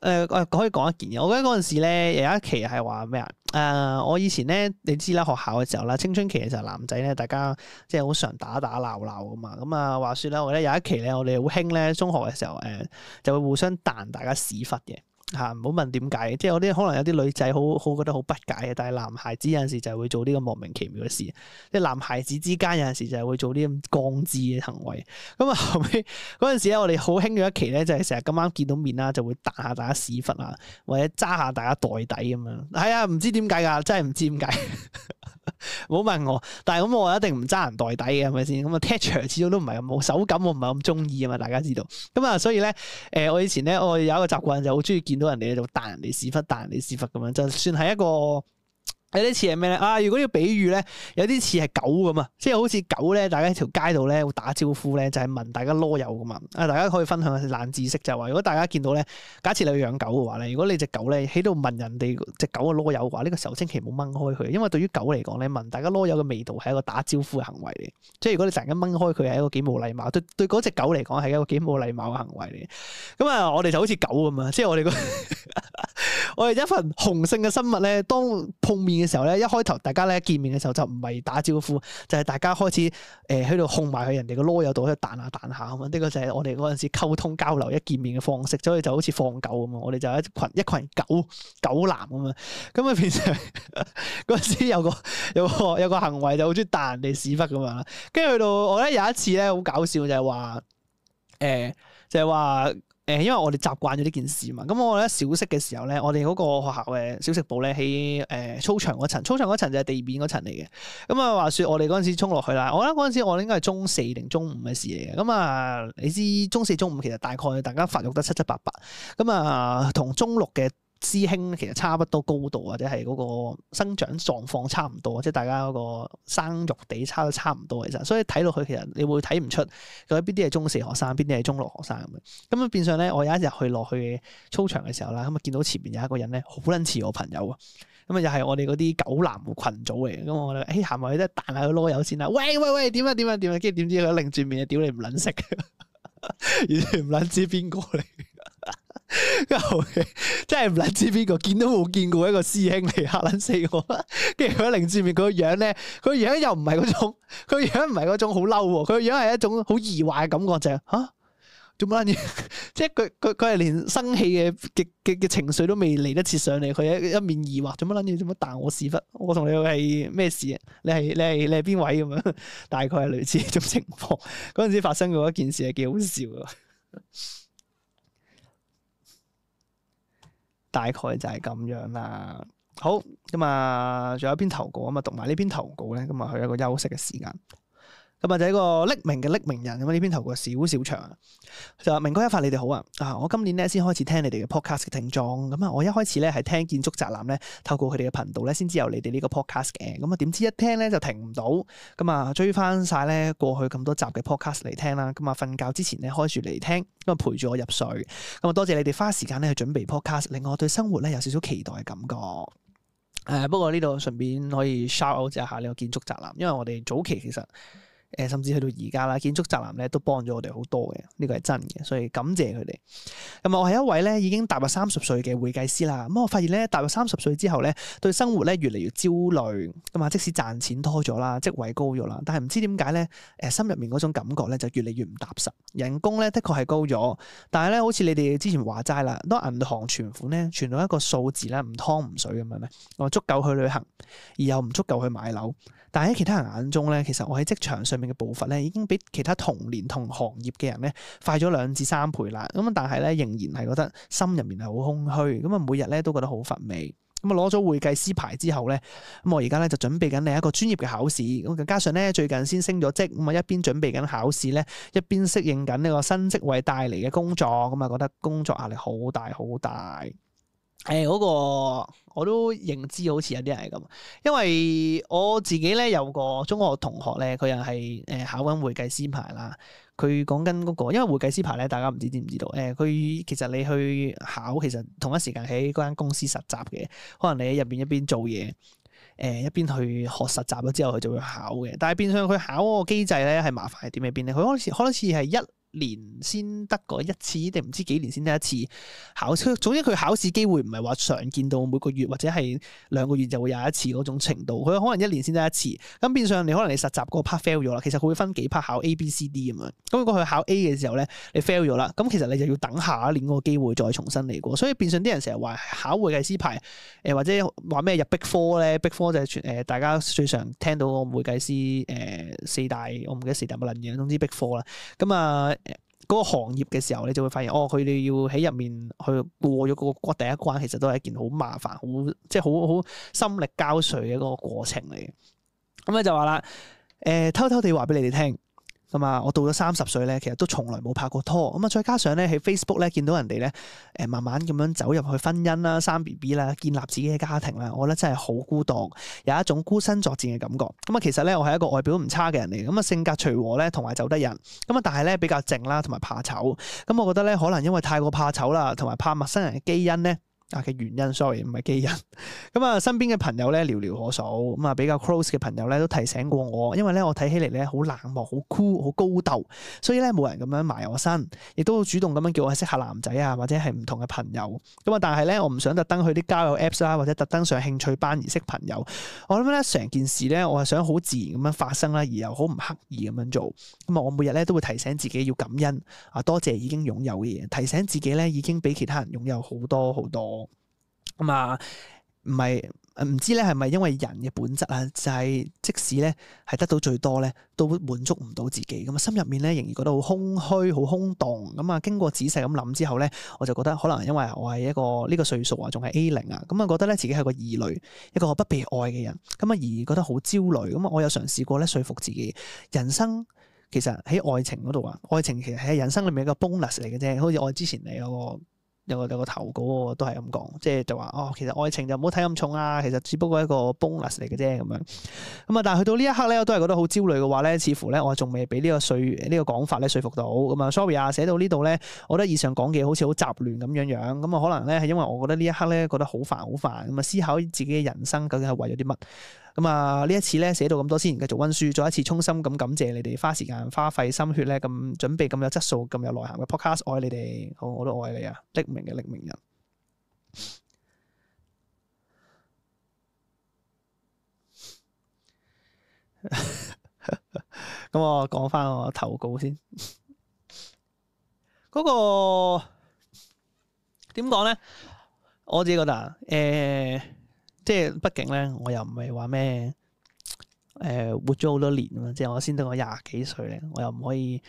誒誒、呃，可以講一件嘢，我覺得嗰陣時咧有，有一期係話咩啊？誒、呃，我以前咧，你知啦，學校嘅時候啦，青春期嘅時候男仔咧，大家即係好常打打鬧鬧噶嘛。咁啊，話說咧，我覺得有一期咧，我哋好興咧，中學嘅時候誒、呃，就會互相彈大家屎忽嘅。吓，唔好、啊、問點解，即係有啲可能有啲女仔好好覺得好不解嘅，但係男孩子有陣時就係會做呢個莫名其妙嘅事，即係男孩子之間有陣時就係會做啲咁降智嘅行為。咁、嗯、啊後尾嗰陣時咧，我哋好興咗一期咧，就係成日咁啱見到面啦，就會打下大家屎忽啊，或者揸下大家袋底咁樣。係、嗯、啊，唔、哎、知點解噶，真係唔知點解。 唔好 問我，但係咁我一定唔揸人袋底嘅係咪先？咁啊 t o u c h c r 始終都唔係咁好，手感我唔係咁中意啊嘛，大家知道。咁、嗯、啊，所以咧，誒、呃，我以前咧，我有一個習慣就好中意見到人哋就彈人哋屎忽，彈人哋屎忽咁樣，就算係一個。有啲似係咩咧？啊，如果要比喻咧，有啲似係狗咁啊，即係好似狗咧，大家喺條街度咧會打招呼咧，就係、是、問大家囉柚噶啊，大家可以分享爛知識就係、是、話，如果大家見到咧，假設你去養狗嘅話咧，如果你隻狗咧喺度問人哋隻狗嘅囉柚嘅話，呢、這個時候千祈唔好掹開佢，因為對於狗嚟講咧，問大家囉柚嘅味道係一個打招呼嘅行為嚟。即係如果你成日掹開佢，係一個幾冇禮貌。對對，嗰隻狗嚟講係一個幾冇禮貌嘅行為嚟。咁啊，我哋就好似狗咁啊，即係我哋個 我哋一份雄性嘅生物咧，當碰面。嘅時候咧，一開頭大家咧見面嘅時候就唔係打招呼，就係、是、大家開始誒喺度控埋，喺人哋個囉柚度喺度彈下彈下咁啊！呢個就係我哋嗰陣時溝通交流，一見面嘅方式，所以就好似放狗咁啊！我哋就一群一群狗狗男咁啊，咁啊變成嗰陣時有個有個有個行為就好似彈人哋屎忽咁啊！跟住去到我咧有一次咧好搞笑就係、是、話，誒、欸、就係、是、話。誒，因為我哋習慣咗呢件事嘛，咁我咧小息嘅時候咧，我哋嗰個學校嘅小食部咧喺誒操場嗰層，操場嗰層就係地面嗰層嚟嘅。咁、嗯、啊，話說我哋嗰陣時衝落去啦，我咧嗰陣時我應該係中四定中五嘅事嚟嘅。咁、嗯、啊，你知中四中五其實大概大家發育得七七八八，咁啊同中六嘅。師兄其實差不多高度或者係嗰個生長狀況差唔多，即係大家嗰個生育地差都差唔多。其實，所以睇落去其實你會睇唔出佢邊啲係中四學生，邊啲係中六學生咁樣。咁啊變相咧，我有一日去落去操場嘅時候啦，咁啊見到前面有一個人咧，好撚似我朋友啊。咁啊又係我哋嗰啲狗男群組嚟嘅。咁我哋誒行埋去咧，彈下個囉柚先啦。喂喂喂，點啊點啊點啊！跟住點知佢擰轉面屌你唔撚識，完全唔撚知邊個嚟？ 真係唔捻知邊個，見都冇見過一個師兄嚟吓，捻死我！跟住佢喺零字面，佢個樣咧，佢個樣又唔係嗰種，佢個樣唔係嗰種好嬲，佢個樣係一種好疑惑嘅感覺，就係吓做乜捻嘢？啊、 即係佢佢佢係連生氣嘅嘅嘅情緒都未嚟得切上嚟，佢一面疑惑做乜捻嘢？做乜彈我屎忽？我同你係咩事啊？你係你係你係邊位咁樣？ 大概係類似呢種情況。嗰 陣時發生過一件事係幾好笑嘅。 大概就係咁樣啦。好，咁啊，仲有一篇投稿啊嘛，讀埋呢篇投稿咧，咁啊，去一個休息嘅時間。咁或者一個匿名嘅匿名人咁啊。呢篇投個少少長，就話明哥一發，你哋好啊啊！我今年咧先開始聽你哋嘅 podcast 聽眾咁啊。我一開始咧係聽建築宅男咧，透過佢哋嘅頻道咧先知有你哋呢個 podcast 嘅咁啊。點知一聽咧就停唔到咁啊。追翻晒咧過去咁多集嘅 podcast 嚟聽啦。咁啊，瞓覺之前咧開住嚟聽咁啊，陪住我入睡咁啊。多謝你哋花時間咧去準備 podcast，令我對生活咧有少少期待嘅感覺。誒、啊、不過呢度順便可以 shout out 一下呢個建築宅男，因為我哋早期其實～誒，甚至去到而家啦，建築宅男咧都幫咗我哋好多嘅，呢個係真嘅，所以感謝佢哋。咁啊，我係一位咧已經踏入三十歲嘅會計師啦。咁我發現咧踏入三十歲之後咧，對生活咧越嚟越焦慮。咁啊，即使賺錢多咗啦，職位高咗啦，但係唔知點解咧，誒，心入面嗰種感覺咧就越嚟越唔踏實。人工咧，的確係高咗，但係咧，好似你哋之前話齋啦，當銀行存款咧，存到一個數字咧，唔湯唔水咁樣咧，我足夠去旅行，而又唔足夠去買樓。但喺其他人眼中咧，其實我喺職場上面嘅步伐咧，已經比其他同年同行業嘅人咧快咗兩至三倍啦。咁但係咧仍然係覺得心入面係好空虛。咁啊，每日咧都覺得好乏味。咁啊，攞咗會計師牌之後咧，咁我而家咧就準備緊另一個專業嘅考試。咁加上咧最近先升咗職，咁啊一邊準備緊考試咧，一邊適應緊呢個新職位帶嚟嘅工作，咁啊覺得工作壓力好大好大。誒，嗰、欸那個我都認知，好似有啲人係咁，因為我自己咧有個中學同學咧，佢又係誒考緊會計師牌啦。佢講緊嗰個，因為會計師牌咧，大家唔知知唔知道？誒、欸，佢其實你去考，其實同一時間喺嗰間公司實習嘅，可能你喺入邊一邊做嘢，誒、欸、一邊去學實習咗之後，佢就會考嘅。但係變相佢考嗰個機制咧係麻煩係點去邊咧？佢開始開始係一年先得嗰一次，定唔知幾年先得一次考試。總之佢考試機會唔係話常見到每個月或者係兩個月就會有一次嗰種程度。佢可能一年先得一次。咁變相你可能你實習個 part fail 咗啦。其實佢會分幾 part 考 A、B、C、D 咁樣。咁如果佢考 A 嘅時候咧，你 fail 咗啦。咁其實你就要等下一年嗰個機會再重新嚟過。所以變相啲人成日話考會計師牌，誒、呃、或者話咩入逼科咧，逼科就係全、呃、大家最常聽到個會計師誒、呃、四大，我唔記得四大乜撚嘢，總之逼科啦。咁啊～、呃嗰個行業嘅時候，你就會發現，哦，佢哋要喺入面去過咗個第一關，其實都係一件好麻煩、好即係好好心力交瘁嘅一個過程嚟。咁咧就話啦，誒、呃，偷偷哋話俾你哋聽。咁啊，我到咗三十歲咧，其實都從來冇拍過拖。咁啊，再加上咧喺 Facebook 咧見到人哋咧，誒慢慢咁樣走入去婚姻啦、生 BB 啦、建立自己嘅家庭啦，我覺得真係好孤獨，有一種孤身作戰嘅感覺。咁啊，其實咧我係一個外表唔差嘅人嚟，咁啊性格隨和咧，同埋走得人。咁啊，但係咧比較靜啦，同埋怕醜。咁我覺得咧，可能因為太過怕醜啦，同埋怕陌生人嘅基因咧。嘅原因，sorry，唔係基因。咁啊，身邊嘅朋友咧寥寥可數，咁啊比較 close 嘅朋友咧都提醒過我，因為咧我睇起嚟咧好冷漠、好酷、好高竇，所以咧冇人咁樣埋我身，亦都主動咁樣叫我識下男仔啊，或者係唔同嘅朋友。咁啊，但係咧我唔想特登去啲交友 Apps 啦，或者特登上興趣班而識朋友。我諗咧成件事咧，我係想好自然咁樣發生啦，而又好唔刻意咁樣做。咁啊，我每日咧都會提醒自己要感恩，啊多謝已經擁有嘅嘢，提醒自己咧已經比其他人擁有好多好多。咁、嗯、啊，唔係唔知咧，係咪因為人嘅本質啊？就係、是、即使咧係得到最多咧，都滿足唔到自己。咁、嗯、啊，心入面咧仍然覺得好空虛、好空洞。咁、嗯、啊，經過仔細咁諗之後咧，我就覺得可能因為我係一個呢個歲數啊，仲係 A 零啊，咁、嗯、啊，覺得咧自己係個異類，一個不被愛嘅人。咁、嗯、啊，而覺得好焦慮。咁、嗯、啊，我有嘗試過咧說服自己，人生其實喺愛情嗰度啊，愛情其實係人生裏面一個 bonus 嚟嘅啫。好似我之前嚟、那、嗰個。有個有個投稿都係咁講，即係就話哦，其實愛情就唔好睇咁重啊，其實只不過係一個 bonus 嚟嘅啫咁樣。咁啊，但係去到呢一刻咧，我都係覺得好焦慮嘅話咧，似乎咧我仲未俾呢個說呢個個講法咧說服到。咁啊，sorry 啊，寫到呢度咧，我覺得以上講嘅好似好雜亂咁樣樣。咁啊，可能咧係因為我覺得呢一刻咧覺得好煩好煩。咁啊，思考自己嘅人生究竟係為咗啲乜？咁啊！呢一次咧，寫到咁多先，繼續溫書，再一次衷心咁感謝你哋花時間、花費心血咧，咁準備咁有質素、咁有內涵嘅 podcast，愛你哋，好，我都愛你啊！匿名嘅匿名人，咁、 嗯嗯、我講翻我投稿先，嗰、嗰個點講咧？我自己覺得誒。誒即係，畢竟咧，我又唔係話咩，誒、呃，活咗好多年啊，即係我先得我廿幾歲咧，我又唔可以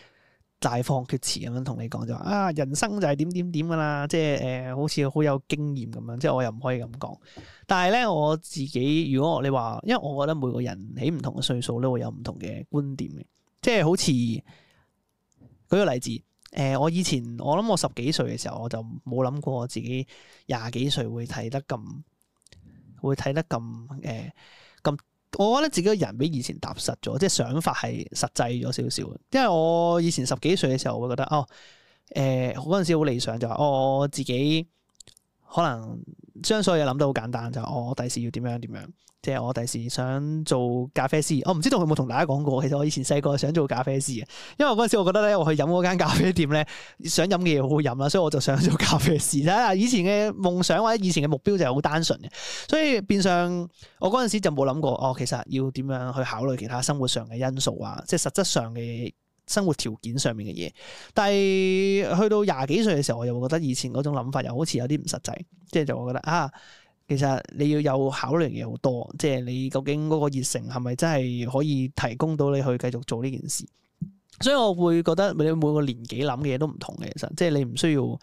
大放厥詞咁樣同你講就話啊，人生就係點點點噶啦，即係誒、呃，好似好有經驗咁樣，即係我又唔可以咁講。但係咧，我自己如果你話，因為我覺得每個人喺唔同嘅歲數咧，會有唔同嘅觀點嘅，即係好似舉個例子，誒、呃，我以前我諗我十幾歲嘅時候，我就冇諗過我自己廿幾歲會睇得咁。會，睇得咁，誒、咁，我覺得自己個人比以前踏實咗，即係想法係實際咗少少。因為我以前十幾歲嘅時候，我會覺得哦，誒，嗰陣時好理想就話、是哦，我自己。可能將所有嘢諗得好簡單就是，我第時要點樣點樣，即係我第時想做咖啡師。我唔知道佢有冇同大家講過，其實我以前細個想做咖啡師嘅，因為嗰陣時我覺得咧，我去飲嗰間咖啡店咧，想飲嘅嘢好好飲啦，所以我就想做咖啡師。以前嘅夢想或者以前嘅目標就係好單純嘅，所以變相我嗰陣時就冇諗過，哦，其實要點樣去考慮其他生活上嘅因素啊，即係實質上嘅。生活條件上面嘅嘢，但係去到廿幾歲嘅時候，我又會覺得以前嗰種諗法又好似有啲唔實際，即係就覺得啊，其實你要有考慮嘅嘢好多，即係你究竟嗰個熱誠係咪真係可以提供到你去繼續做呢件事？所以，我會覺得你每個年紀諗嘅嘢都唔同嘅，其實即係你唔需要誒、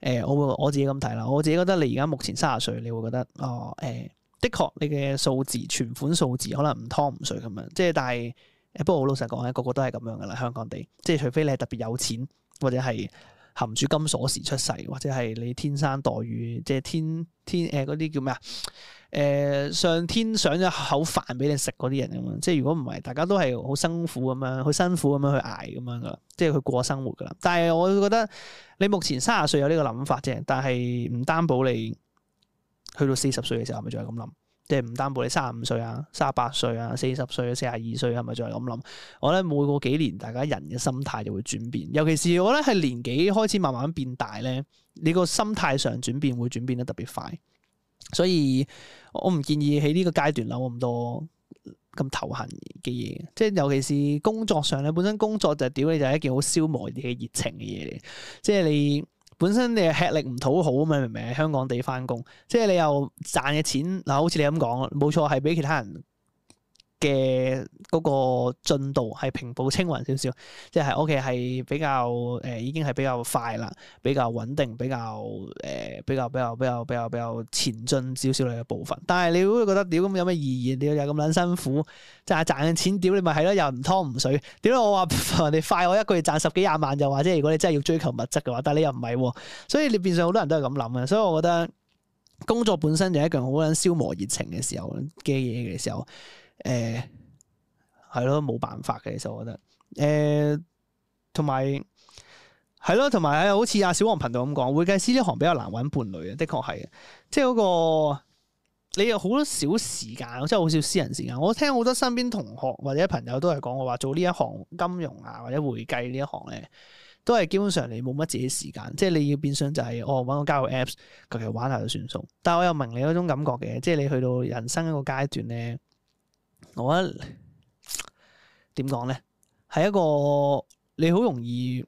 呃，我我自己咁睇啦，我自己覺得你而家目前三十歲，你會覺得哦誒、呃，的確你嘅數字存款數字可能唔湯唔水咁樣，即係但係。誒不過我老實講咧，個個都係咁樣噶啦，香港地，即係除非你係特別有錢，或者係含住金鎖匙出世，或者係你天生待遇，即係天天誒嗰啲叫咩啊？誒、呃、上天賞一口飯俾你食嗰啲人咁樣，即係如果唔係，大家都係好辛苦咁樣，好辛苦咁樣去捱咁樣噶啦，即係佢過生活噶啦。但係我覺得你目前卅歲有呢個諗法啫，但係唔擔保你去到四十歲嘅時候係咪仲係咁諗。即係唔擔保你三十五歲啊、三十八歲啊、四十歲啊、四十二歲啊，係咪仲係咁諗？我咧每過幾年，大家人嘅心態就會轉變，尤其是我咧係年紀開始慢慢變大咧，你個心態上轉變會轉變得特別快，所以我唔建議喺呢個階段諗咁多咁頭痕嘅嘢，即係尤其是工作上咧，本身工作就屌你，就係一件好消磨你嘅熱情嘅嘢，嚟，即係你。本身你係吃力唔討好啊嘛，明唔明？香港地返工，即係你又賺嘅錢嗱，好似你咁講，冇錯係俾其他人嘅嗰個進度係平步青雲少少，即係 O.K. 係比較誒、呃，已經係比較快啦，比較穩定，比較誒、呃，比較比較比較比較比較前進少少你嘅部分。但係你會覺得屌咁有咩意義？你又咁撚辛苦，就係賺緊錢屌你咪係咯，又唔湯唔水。點解我話你快？我一個月賺十幾廿萬就話，即係如果你真係要追求物質嘅話，但係你又唔係、啊，所以你變相好多人都係咁諗嘅。所以我覺得工作本身就係一樣好撚消磨熱情嘅時候嘅嘢嘅時候。誒，係咯、欸，冇辦法嘅，其實我覺得，誒，同埋係咯，同埋好似阿小王頻道咁講，會計師呢行比較難搵伴侶嘅，的確係即係嗰個你有好少時間，即係好少私人時間。我聽好多身邊同學或者朋友都係講，我話做呢一行金融啊，或者會計呢一行咧，都係基本上你冇乜自己時間，即係你要變相就係我搵個交友 apps，其實玩下就算數。但係我又明你嗰種感覺嘅，即係你去到人生一個階段咧。我覺得點講呢，係一個你好容易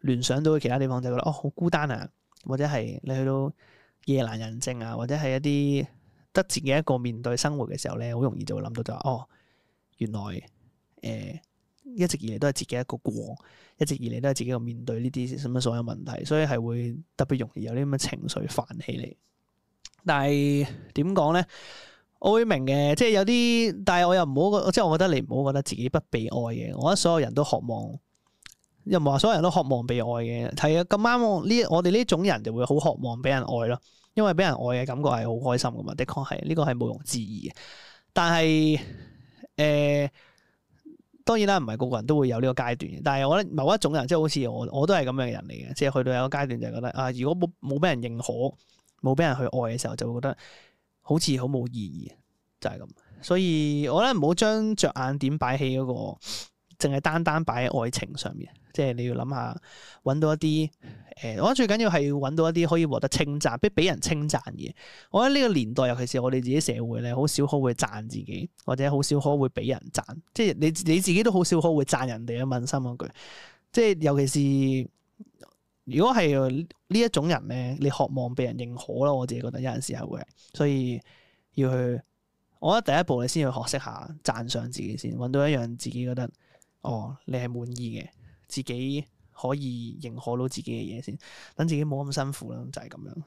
聯想到其他地方就覺得哦，好孤單啊，或者係你去到夜闌人靜啊，或者係一啲得自己一個面對生活嘅時候呢，好容易就會諗到就話、是、哦，原來誒、呃、一直以嚟都係自己一個過，一直以嚟都係自己一個面對呢啲乜所有問題，所以係會特別容易有啲咁嘅情緒泛起嚟。但係點講呢？我會明嘅，即係有啲，但係我又唔好覺得，即係我覺得你唔好覺得自己不被愛嘅。我覺得所有人都渴望，又唔係話所有人都渴望被愛嘅。係啊，咁啱呢，我哋呢種人就會好渴望俾人愛咯。因為俾人愛嘅感覺係好開心噶嘛，的確係，呢個係毋庸置疑。但係誒，呃，當然啦，唔係個個人都會有呢個階段。但係我覺得某一種人，即係好似我，我都係咁樣嘅人嚟嘅，即係去到有個階段就係覺得啊，如果冇冇俾人認可，冇俾人去愛嘅時候，就會覺得。好似好冇意義，就係咁。所以我覺得唔好將着眼點擺喺嗰個，淨係單單擺喺愛情上面。即係你要諗下，揾到一啲誒，我覺得最緊要係要揾到一啲可以獲得稱讚，俾俾人稱讚嘅。我覺得呢個年代，尤其是我哋自己社會咧，好少可會讚自己，或者好少可會俾人讚。即係你你自己都好少可會讚人哋啊！問心嗰句，即係尤其是。如果係呢一種人咧，你渴望被人認可咯，我自己覺得有陣時候會，所以要去，我覺得第一步你先要學識下讚賞自己先，搵到一樣自己覺得哦，你係滿意嘅，自己可以認可到自己嘅嘢先，等自己冇咁辛苦啦，就係、是、咁樣。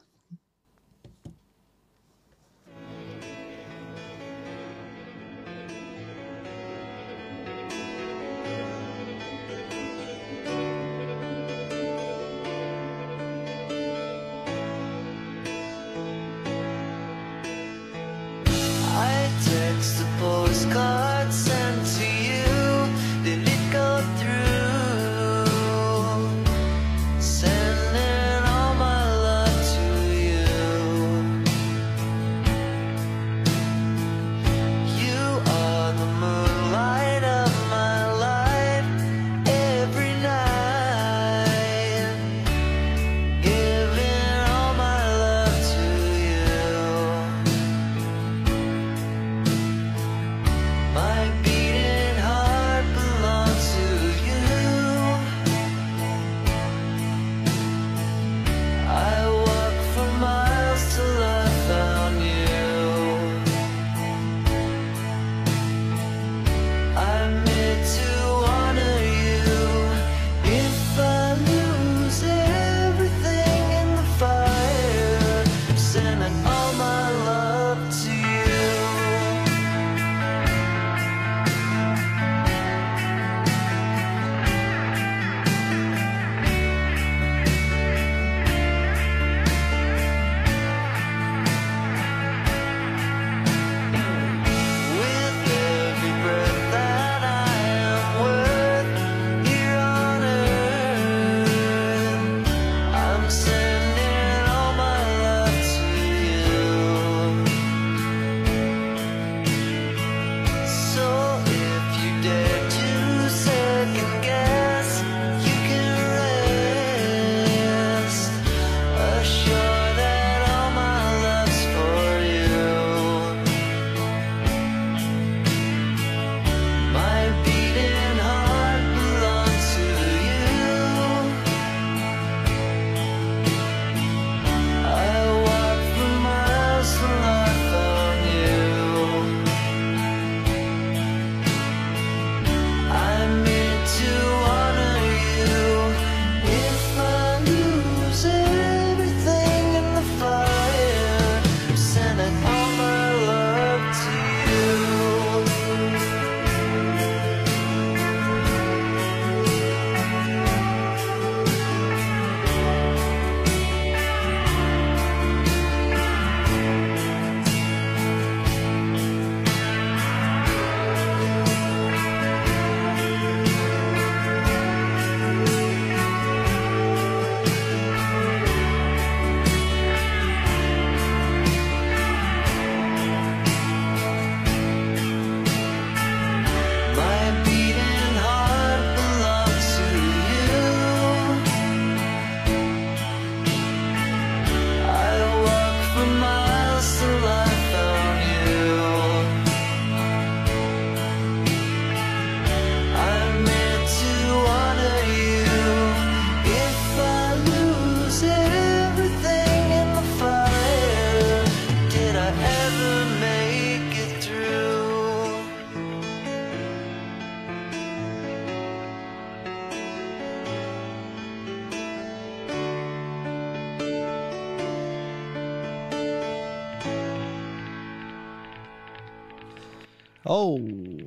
哦，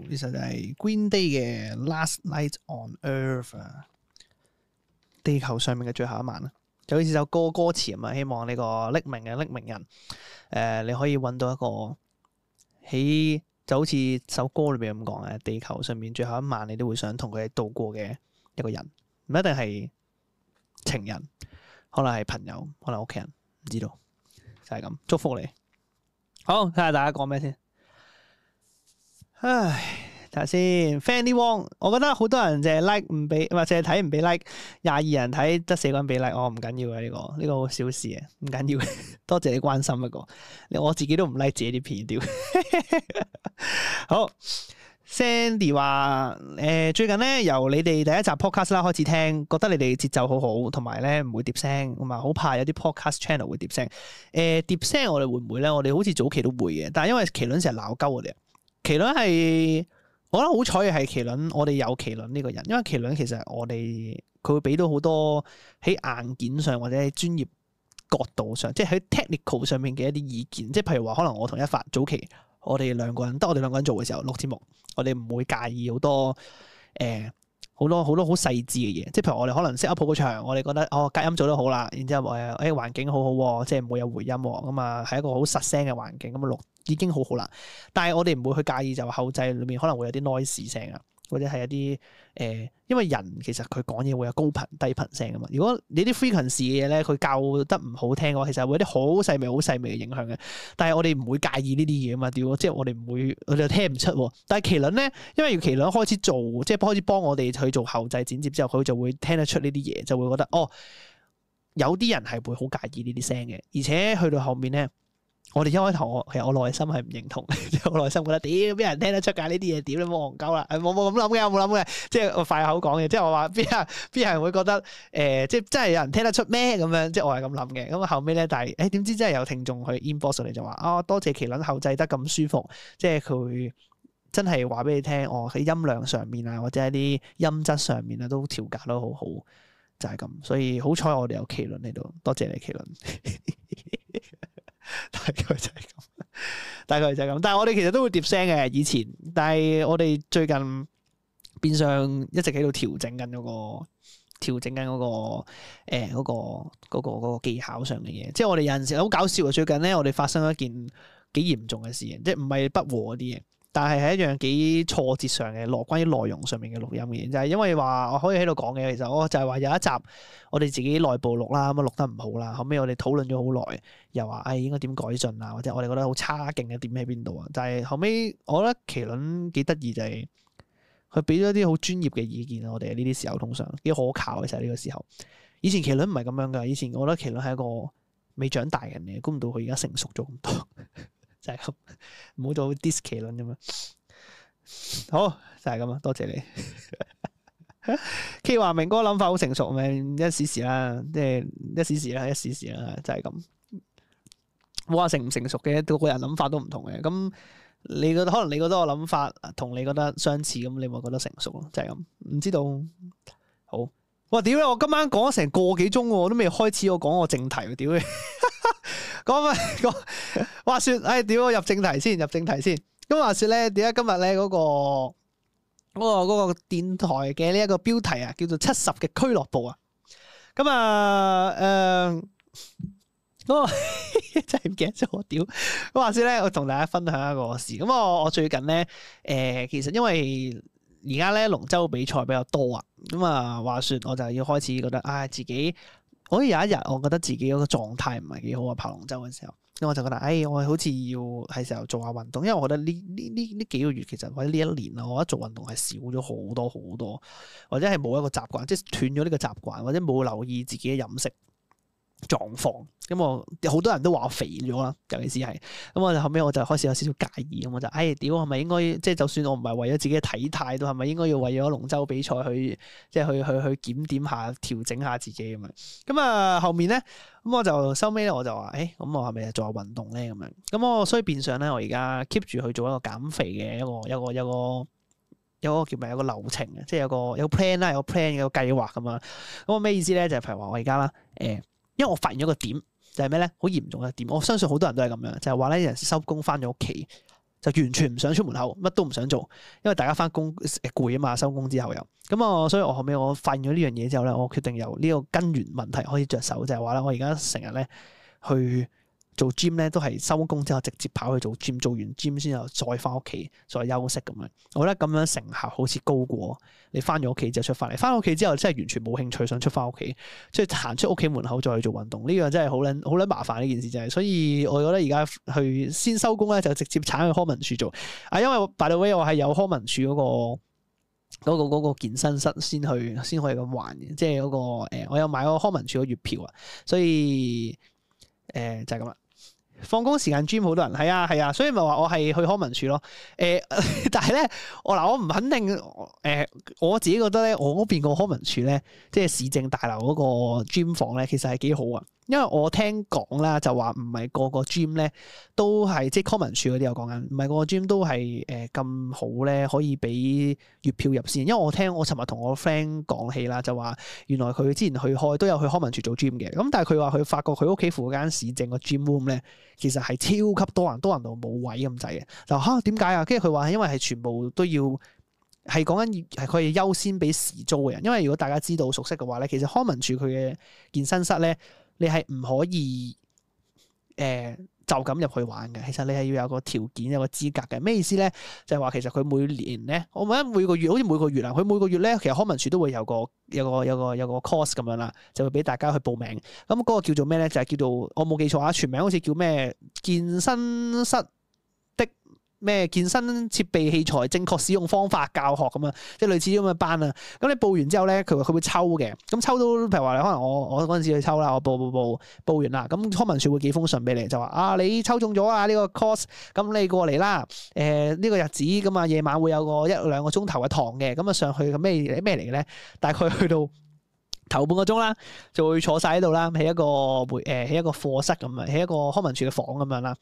其實就係 Green Day 嘅《Last Night on Earth、uh,》地球上面嘅最後一晚啦。就好似首歌歌詞啊，希望呢個匿名嘅匿名人，誒、呃，你可以搵到一個喺就好似首歌裏邊咁講嘅，地球上面最後一晚，你都會想同佢度過嘅一個人，唔一定係情人，可能係朋友，可能屋企人，唔知道，就係、是、咁。祝福你，好，睇下大家講咩先。唉，睇下先。Fanny Wong，我覺得好多人淨係 like 唔俾，或者睇唔俾 like。廿二人睇得四個人俾 like，我唔緊要嘅呢個，呢、呢個好小事啊，唔緊要。多謝你關心一個，我自己都唔 like 自己啲片段。 好，Sandy 話：，誒、呃，最近咧由你哋第一集 podcast 啦開始聽，覺得你哋節奏好好，同埋咧唔會疊聲，同埋好怕有啲 podcast channel 會疊聲。誒、呃，疊聲我哋會唔會咧？我哋好似早期都會嘅，但係因為麒麟成日鬧鳩我哋。麒麟係，我覺得好彩嘅係麒麟，我哋有麒麟呢個人，因為麒麟其實我哋佢會俾到好多喺硬件上或者喺專業角度上，即係喺 technical 上面嘅一啲意見。即係譬如話，可能我同一發早期我哋兩個人，得我哋兩個人做嘅時候錄節目，我哋唔會介意好多誒好、呃、多好多好細緻嘅嘢。即係譬如我哋可能 set up 鋪個場，我哋覺得哦隔音做得好啦，然之後誒誒、哎、環境好好、哦，即係唔會有回音咁、哦、啊，係一個好實聲嘅環境咁啊已經好好啦，但係我哋唔會去介意就後製裏面可能會有啲 noise 聲啊，或者係一啲誒、呃，因為人其實佢講嘢會有高頻低頻聲啊嘛。如果你啲 frequency 嘅嘢咧，佢校得唔好聽嘅話，其實會有啲好細微好細微嘅影響嘅。但係我哋唔會介意呢啲嘢啊嘛，屌！即係我哋唔會，我哋聽唔出。但係麒麟咧，因為麒麟開始做，即係開始幫我哋去做後製剪接之後，佢就會聽得出呢啲嘢，就會覺得哦，有啲人係會好介意呢啲聲嘅，而且去到後面咧。我哋一開頭，其實我內心係唔認同，好 內心覺得屌，邊、欸、人聽得出噶呢啲嘢？屌你冇戇鳩啦，冇冇咁諗嘅，冇諗嘅，即係我快口講嘅。即係我話邊人邊人會覺得誒、欸，即係真係有人聽得出咩咁樣？即係我係咁諗嘅。咁後尾咧，但係誒，點、欸、知真係有聽眾去 inbox 上嚟就話啊，多謝麒麟後製得咁舒服，即係佢真係話俾你聽，哦，喺音量上面啊，或者一啲音質上面啊，都調教得好好，就係、是、咁。所以好彩我哋有麒麟喺度，多謝你麒麟。 大概就係咁， 大概就係咁。但係我哋其實都會疊聲嘅，以前。但係我哋最近變相一直喺度調整緊、那、嗰個調整緊、那、嗰個誒、欸嗰個、嗰個、嗰個技巧上嘅嘢。即係我哋有陣時好搞笑啊！最近咧我哋發生一件幾嚴重嘅事情，即係唔係不和啲嘢。但係係一樣幾挫折上嘅，內關於內容上面嘅錄音嘅，嘢。就係、是、因為話我可以喺度講嘅，其實我就係話有一集我哋自己內部錄啦，咁啊錄得唔好啦，後尾我哋討論咗好耐，又話誒、哎、應該點改進啊，或者我哋覺得好差勁嘅點喺邊度啊？但、就、係、是、後尾我覺得麒麟幾得意就係佢俾咗啲好專業嘅意見，我哋呢啲時候通常幾可靠嘅，就係呢個時候。以前麒麟唔係咁樣㗎，以前我覺得麒麟係一個未長大人嚟，估唔到佢而家成熟咗咁多。 就係咁，唔好 做 disclaimer 咁樣。好，就係咁啊！多謝你。 K 華明哥諗、那個、法好成熟，咪一時時啦，即、就、係、是、一時時啦，一時時啦，就係、是、咁。冇話成唔成熟嘅，個個人諗法都唔同嘅。咁你覺得可能你覺得我諗法同你覺得相似，咁你咪覺得成熟咯？就係、是、咁，唔知道。好，哇！屌，我今晚講咗成個幾鐘，我都未開始我講我正題，屌你！ 講咪講， 話說，哎，屌我入正題先，入正題先。咁話說咧，點解今日咧嗰個嗰個、嗰個電台嘅呢一個標題啊，叫做柒拾嘅俱樂部啊？咁啊，誒、呃，嗰、嗰個 真係唔記得咗。屌，咁話說咧，我同大家分享一個事。咁我我最近咧，誒、呃，其實因為而家咧龍舟比賽比較多啊。咁啊，話說我就要開始覺得，哎，自己。所以有一日，我覺得自己嗰個狀態唔係幾好啊！扒龍舟嘅時候，我就覺得，哎，我好似要係時候做下運動，因為我覺得呢呢呢呢幾個月其實或者呢一年啦，我覺得做運動係少咗好多好多，或者係冇一個習慣，即係斷咗呢個習慣，或者冇留意自己嘅飲食。狀況。咁我好多人都話我肥咗啦，尤其是係，咁我就後尾我就開始有少少介意，咁我就，唉、哎，屌係咪應該即係、就是、就算我唔係為咗自己嘅體態，都係咪應該要為咗龍舟比賽去即係、就是、去去去檢點下調整下自己咁樣？咁啊後面咧，咁我就收尾咧我就話，誒、欸、咁我係咪做下運動咧咁樣？咁我所以變相咧，我而家 keep 住去做一個減肥嘅一個一個一個有，一個，有一個叫咩有個流程，即係有個有 plan 啦，有 plan 有計劃咁啊。咁我咩意思咧？就係、是、譬如話我而家啦，誒、欸。因為我發現咗個點就係咩咧？好嚴重嘅點，我相信好多人都係咁樣，就係話咧，啲人收工翻咗屋企就完全唔想出門口，乜都唔想做，因為大家翻工攰啊嘛，收工之後又咁啊，所以我後尾我發現咗呢樣嘢之後咧，我決定由呢個根源問題可以着手，就係話咧，我而家成日咧去。做 gym 咧都係收工之後直接跑去做 gym，做完 gym 先又再翻屋企再休息咁樣。我覺得咁樣成效好似高過你翻咗屋企就出翻嚟，翻屋企之後真係完全冇興趣想出翻屋企，即係行出屋企門口再去做運動呢個真係好捻好捻麻煩呢件事就係，所以我覺得而家去先收工咧就直接踩去康文署做，啊因為 by the way 我係有康文署嗰、嗰個、嗰個、嗰個嗰個健身室先去先可以咁玩嘅，即係嗰、嗰個誒、呃、我有買個康文署嘅月票啊，所以誒、呃、就係咁啦。放工時間 gym 好多人，係啊係啊，所以咪話我係去康文署咯。誒、呃，但係咧，我嗱我唔肯定。誒、呃，我自己覺得咧，我嗰邊個康文署咧，即係市政大樓嗰個 gym 房咧，其實係幾好啊。因為我聽講啦，就話唔係個個 gym 咧都係即係康文署嗰啲，我講緊唔係個個 gym 都係誒咁好咧，可以俾月票入先。因為我聽我尋日同我 friend 講起啦，就話原來佢之前去開都有去康文署做 gym 嘅，咁但係佢話佢發覺佢屋企附近市政個 gym room 咧，其實係超級多人，多人到冇位咁滯嘅。就嚇點解啊？跟住佢話因為係全部都要係講緊係佢哋優先俾時租嘅人。因為如果大家知道熟悉嘅話咧，其實康文署佢嘅健身室咧。你係唔可以誒、呃、就咁入去玩嘅，其實你係要有個條件、有個資格嘅。咩意思咧？就係、是、話其實佢每年咧，我唔記得每個月好似每個月啊，佢每個月咧其實康文署都會有個有個有個有個 course 咁樣啦，就會俾大家去報名。咁嗰個叫做咩咧？就係、是、叫做我冇記錯啊，全名好似叫咩健身室。咩健身設備器材正確使用方法教學咁啊，即係類似咁嘅班啊。咁你報完之後咧，佢佢會抽嘅。咁抽到，譬如話可能我我嗰陣時去抽啦，我報報報報完啦。咁康文署會寄幾封信俾你，就話啊你抽中咗啊呢個 course。咁你過嚟啦。誒、呃、呢、呢個日子咁啊，夜、嗯、晚會有個一兩個鐘頭嘅堂嘅。咁啊上去嘅咩咩嚟嘅咧？大概去到頭半個鐘啦，就會坐晒喺度啦。喺一個會喺、呃、一個課室咁啊，喺一個康文署嘅房咁樣啦。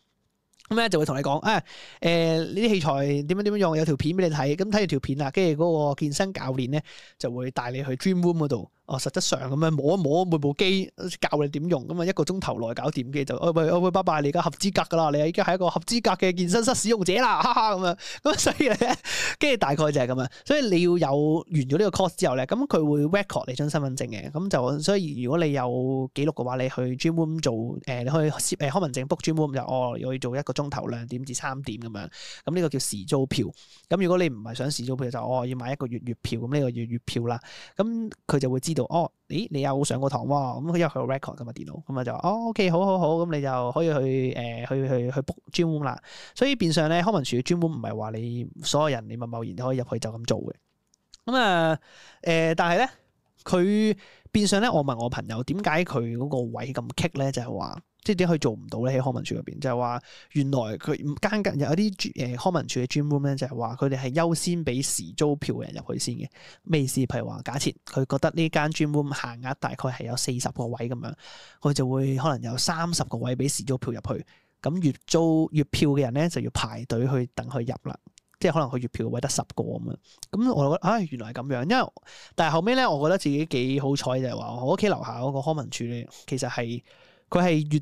咁咧，就會同你講啊，誒，呢啲器材點樣點樣用，有條片俾你睇，咁睇完條片啊，跟住嗰個健身教練咧就會帶你去 dream room 度。哦，實質上咁樣摸一摸每部機，教你點用咁啊，一個鐘頭內搞掂嘅就喂喂係，唔、哎、係、哎，拜拜！你而家合資格㗎啦，你而家係一個合資格嘅健身室使用者啦，哈哈咁樣。咁所以咧，跟 住 大概就係咁樣。所以你要有完咗呢個 course 之後咧，咁佢會 record 你張身份證嘅。咁就所以如果你有記錄嘅話，你去 gym room 做誒、呃，你可以攝開文證 book gym room 入哦，我要做一個鐘頭兩點至三點咁樣。咁呢個叫時租票。咁如果你唔係想時租票就哦要買一個月月票，咁呢個月月月票啦。咁佢就會知道。哦，咦，你又上過堂喎，哦？咁佢有佢個 record 㗎嘛，電腦，咁、嗯、啊就話，哦，OK，好好好，咁、嗯、你就可以去誒、呃，去去去 book gym 啦。所以變相咧，康文署專門唔係話你所有人，你貿貿然都可以入去就咁做嘅。咁啊誒，但係咧佢變相咧，我問我朋友點解佢嗰個位咁棘咧，就係、是、話。即點解佢做唔到咧？喺康文署入邊就係話，原來佢間隔有啲誒、呃、康文署嘅專 room 咧，就係話佢哋係優先俾時租票嘅人入去先嘅。咩意思？譬如話，假設佢覺得呢間專 room 限額大概係有四十個位咁樣，佢就會可能有三十個位俾時租票入去。咁月租月票嘅人咧就要排隊去等佢入啦。即可能佢月票位得十個咁樣。咁我覺得啊、哎，原來係咁樣。因為但係後尾咧，我覺得自己幾好彩就係話，我屋企樓下嗰個康文署咧，其實係佢係月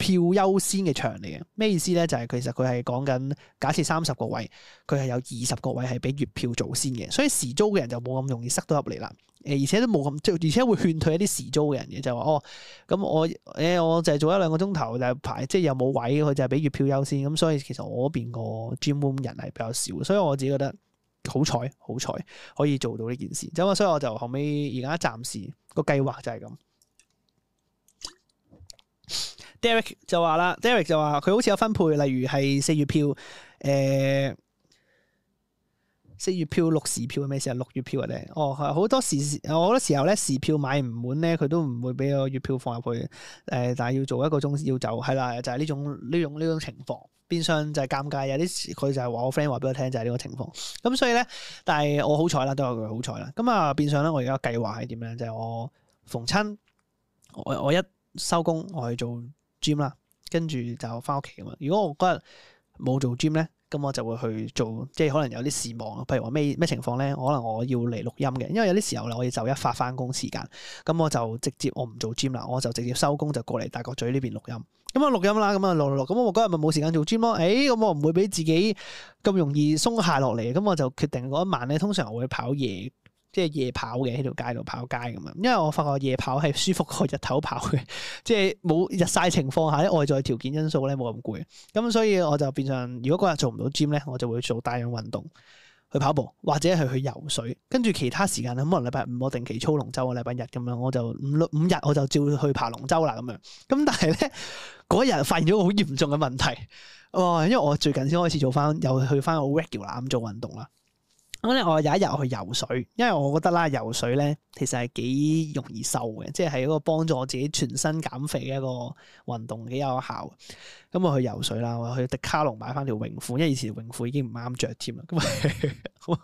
票優先嘅場嚟嘅，咩意思咧？就係、佢、其實佢係講緊，假設三十個位，佢係有二十個位係俾月票做先嘅，所以時租嘅人就冇咁容易塞到入嚟啦。誒，而且都冇咁，而且會勸退一啲時租嘅人嘅，就話哦，咁我誒、欸、我就係做一兩個鐘頭就排，即係又冇位，佢就係俾月票優先。咁所以其實我嗰邊個 gym room 人係比較少，所以我自己覺得好彩，好彩可以做到呢件事。咁所以我就後尾而家暫時、嗰個計劃就係咁。Derek 就話啦，Derek 就話佢好似有分配，例如係四月票、誒、呃、四月票、六時票係咩事啊？六月票嚟？哦，好多時，我好多時候咧，時票買唔滿咧，佢都唔會俾個月票放入去。誒、呃，但係要做一個鐘要走，係啦，就係、是、呢種呢種呢種情況，變相就係尷尬，有啲佢就係話我 friend 話俾我聽，就係、是、呢個情況。咁所以咧，但係我好彩啦，都有佢好彩啦。咁啊，變相咧、就是，我而家計劃係點咧？就係我逢親，我我一收工我去做。gym 啦，跟住就翻屋企咁啊！如果我嗰日冇做 gym 咧，咁我就會去做，即係可能有啲事忙，譬如話咩咩情況咧，可能我要嚟錄音嘅。因為有啲時候啦，我要就一發翻工時間，咁我就直接我唔做 gym 啦，我就直接收工就過嚟大角咀呢邊錄音。咁、嗯、啊錄音啦，咁啊錄錄錄，咁我嗰日咪冇時間做 gym 咯。誒、哎，咁我唔會俾自己咁容易鬆下落嚟，咁我就決定嗰一晚咧，通常我會跑夜。即係夜跑嘅，喺條街度跑街咁樣。因為我發覺夜跑係舒服過日頭跑嘅，即係冇日曬情況下外在條件因素咧，冇咁攰。咁所以我就變成，如果嗰日做唔到 gym 咧，我就會做帶氧運動去跑步，或者係去游水。跟住其他時間咧，可能禮拜五我定期操龍舟啊，禮拜日咁樣，我就五五日我就照去爬龍舟啦咁樣。咁但係咧，嗰日發現咗好嚴重嘅問題。哦，因為我最近先開始做翻，又去翻個 regular 咁做運動啦。咁咧，嗯，我有一日去游水，因為我覺得啦，游水咧其實係幾容易瘦嘅，即係係一個幫助我自己全身減肥嘅一個運動，幾有效。咁，嗯，我去游水啦，我去迪卡龍買翻條泳褲，因為以前泳褲已經唔啱着添啦。咁啊，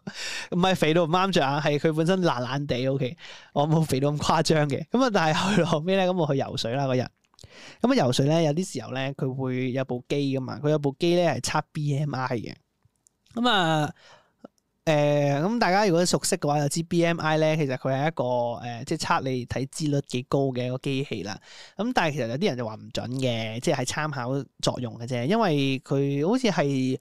唔係 肥到唔啱着啊，係佢本身爛爛地。O、okay, K，我冇肥到咁誇張嘅。咁啊，但係去到後尾咧，咁我去游水啦嗰日。咁啊，嗯，游水咧，有啲時候咧，佢會有部機噶嘛，佢有部機咧係測 B M I 嘅。咁，嗯，啊。誒，咁、呃、大家如果熟悉嘅話，就知 BMI 咧，其實佢係一個誒、呃，即係測你體脂率幾高嘅一個機器啦。咁但係其實有啲人就話唔準嘅，即係係參考作用嘅啫，因為佢好似係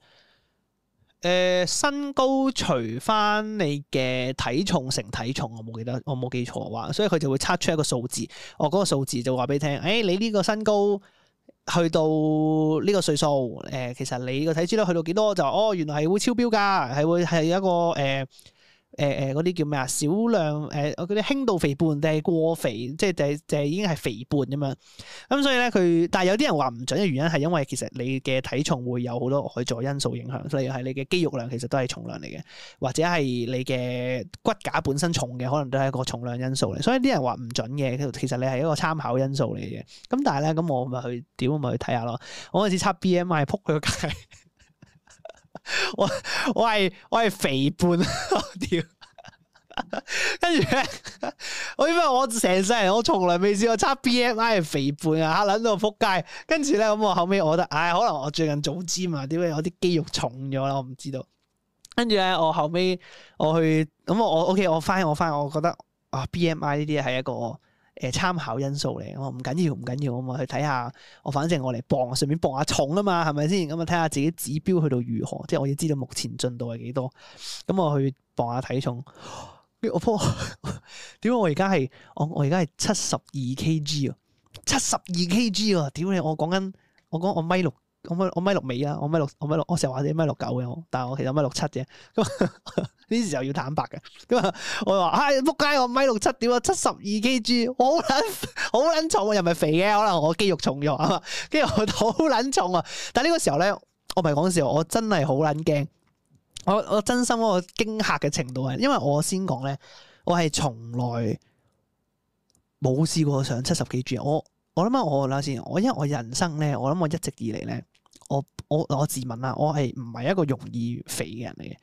誒身高除翻你嘅體重乘體重，我冇記得，我冇記錯話，所以佢就會測出一個數字，我、哦、嗰、那個數字就話俾你聽，誒、哎，你呢個身高，去到呢個歲數，誒、呃，其實你個體脂率去到幾多就，哦，原來係會超標㗎，係會係一個誒。呃誒誒嗰啲叫咩啊？少量誒，我、呃、啲輕度肥胖定係過肥？即係定定已經係肥胖咁樣？咁、嗯、所以咧，佢但係有啲人話唔準嘅原因係因為其實你嘅體重會有好多外在因素影響，例如係你嘅肌肉量其實都係重量嚟嘅，或者係你嘅骨架本身重嘅，可能都係一個重量因素嚟。所以啲人話唔準嘅，其實你係一個參考因素嚟嘅。咁、嗯、但係咧，咁我咪去點咪去睇下咯。我開始測 BMI，撲佢個街。我我係我係肥胖啊！我屌，跟住咧，我 跟着 因為我成世人我從來未試過測 B M I 係肥胖啊，吓撚到仆街。跟住咧，咁、嗯、我後尾我覺得，唉、哎，可能我最近早知啊，點解有啲肌肉重咗啦。我唔知道。跟住咧，我後尾我去咁、嗯、我我 OK，我翻我翻，我覺得啊 B M I 呢啲係一個。誒參考因素嚟，我唔緊要，唔緊要啊嘛，去睇下我反正我嚟磅，順便磅下重啊嘛，係咪先？咁啊睇下自己指標去到如何，即係我要知道目前進度係幾多。咁我去磅下體重，我點解我而家係我我而家係七十二 kg 啊？七十二 kg 啊！屌你，我講緊 我講我米六。我咪我米六尾啊！我米六，我米六，我成日話啲米六九嘅，但係我其實米六七啫。咁 呢時候要坦白嘅。咁 啊，我話唉，仆街！我米六七，點啊七十二 KG，我好撚好撚重啊！又唔係肥嘅，可能我肌肉重咗啊嘛。跟住我好撚重啊！但係呢個時候咧，我唔係講笑，我真係好撚驚。我我真心嗰個驚吓嘅程度係，因為我先講咧，我係從來冇試過上七十幾 G 我。我我諗下我諗下先，我因為我人生咧，我諗我一直以嚟咧。我我我自問啦，我係唔係一個容易肥嘅人嚟嘅？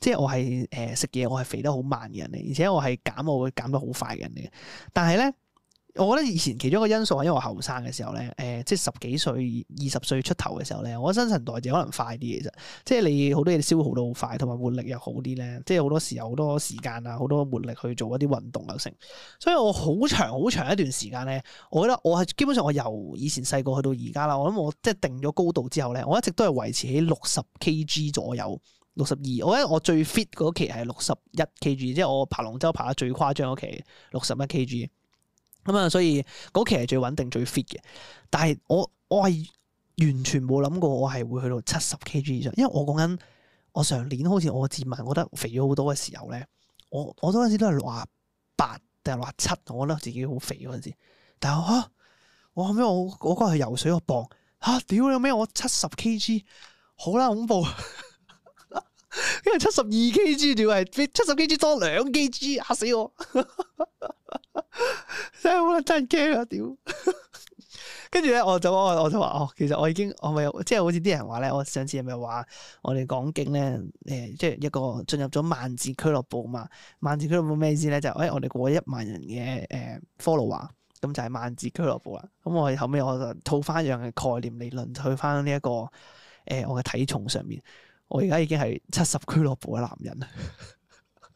即係我係誒食嘢，呃、我係肥得好慢嘅人嚟，而且我係減，我會減得好快嘅人嚟。但係咧。我覺得以前其中一個因素係因為我後生嘅時候咧，誒、呃，即係十幾歲、二十歲出頭嘅時候咧，我嘅新陳代謝可能快啲其實，即係你好多嘢消耗都好快，同埋活力又好啲咧，即係好多時候好多時間啊，好多活力去做一啲運動又成，所以我好長好長一段時間咧，我覺得我係基本上我由以前細個去到而家啦，我諗我即係定咗高度之後咧，我一直都係維持喺六十 kg 左右，六十二，我覺得我最 fit 嗰期係六十一 kg，即係我爬龍舟爬得最誇張嗰期，六十一 kg。咁啊、嗯，所以嗰期係最穩定、最 fit 嘅。但係我我係完全冇諗過我係會去到七十 kg 以上。因為我講緊我上年好似我自問覺得肥咗好多嘅時候咧，我我嗰陣時都係六十八定六十七，我覺得自己好肥嗰陣時。但係我吓、啊，我後尾我我嗰日去游水個磅，吓、啊，屌你咩？我七十 kg，好啦，恐怖。 因為七十二 K G，屌係七十 K G 多兩 K G，嚇死我！ 真係好難，真驚啊！屌，跟住咧，我就我我就話哦，其實我已經我咪即係好似啲人話咧，我上次係咪話我哋講經咧？誒、呃，即係一個進入咗萬字俱樂部啊嘛！萬字俱樂部咩意思咧？就誒、是，我哋過一萬人嘅誒 follow 啊，咁、呃、就係萬字俱樂部啦。咁、嗯、我哋後尾，我就套翻一樣嘅概念理論、這個，去翻呢一個誒我嘅體重上面。我而家已經係七十俱樂部嘅男人啦！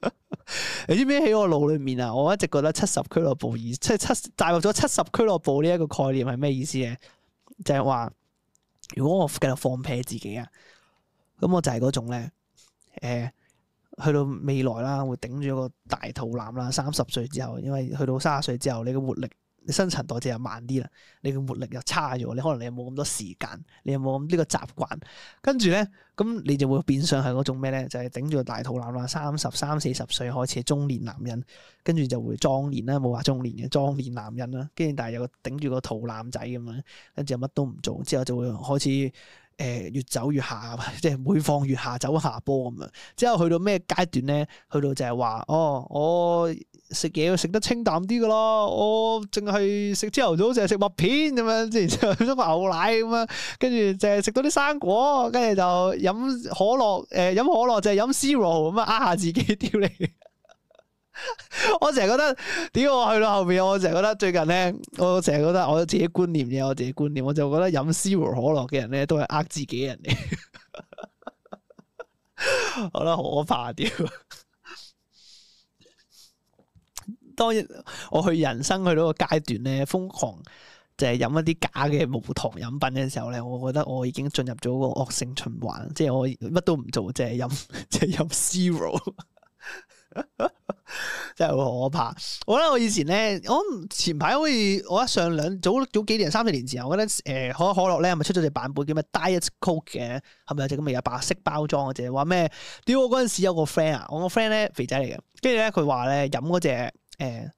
你知唔知喺我腦裏面啊？我一直覺得樂七十俱樂部而即係七帶入咗七十俱樂部呢一個概念係咩意思咧？就係、是、話如果我繼續放屁自己啊，咁我就係嗰種咧，誒、呃，去到未來啦，會頂住一個大肚腩啦，三十歲之後，因為去到三十歲之後，你嘅活力，你新陳代謝又慢啲啦，你嘅活力又差咗，你可能你又冇咁多時間，你又冇咁呢個習慣，跟住咧，咁你就會變相係嗰種咩咧？就係頂住個大肚腩啦，三十三四十歲開始係中年男人，跟住就會壯年啦，冇話中年嘅壯年男人啦，跟住但係有個頂住個肚腩仔咁樣，跟住就乜都唔做，之後就會開始。誒、呃、越走越下，即係每放越下走下坡咁樣。之後去到咩階段咧？去到就係話，哦，我食嘢要食得清淡啲嘅咯。我淨係食朝頭早淨係食麥片咁樣，然之後飲牛奶咁樣，跟住就係食到啲生果，跟住就飲可樂。誒、呃、飲可樂就係飲 zero 咁啊，呃下自己調嚟。 我成日覺得，點解我去到後面？我成日覺得最近咧，我成日覺得我自己觀念嘢，我自己觀念，我就覺得飲 zero 可樂嘅人咧，都係呃自己人嚟，好啦，可怕啲。 當然，我去人生去到個階段咧，瘋狂就係飲一啲假嘅無糖飲品嘅時候咧，我覺得我已經進入咗個惡性循環，即係我乜都唔做，淨係飲，淨係飲 zero 真係好可怕，我覺得我以前咧，我前排好似我一上兩早早幾年，三四年前，我覺得誒可可樂咧，咪出咗隻版本叫咩 Diet Coke 嘅，係咪有隻咁嘅嘢？白色包裝嘅，即係話咩？屌我嗰陣時有個 friend 啊，我個 friend 咧肥仔嚟嘅，跟住咧佢話咧飲嗰隻誒。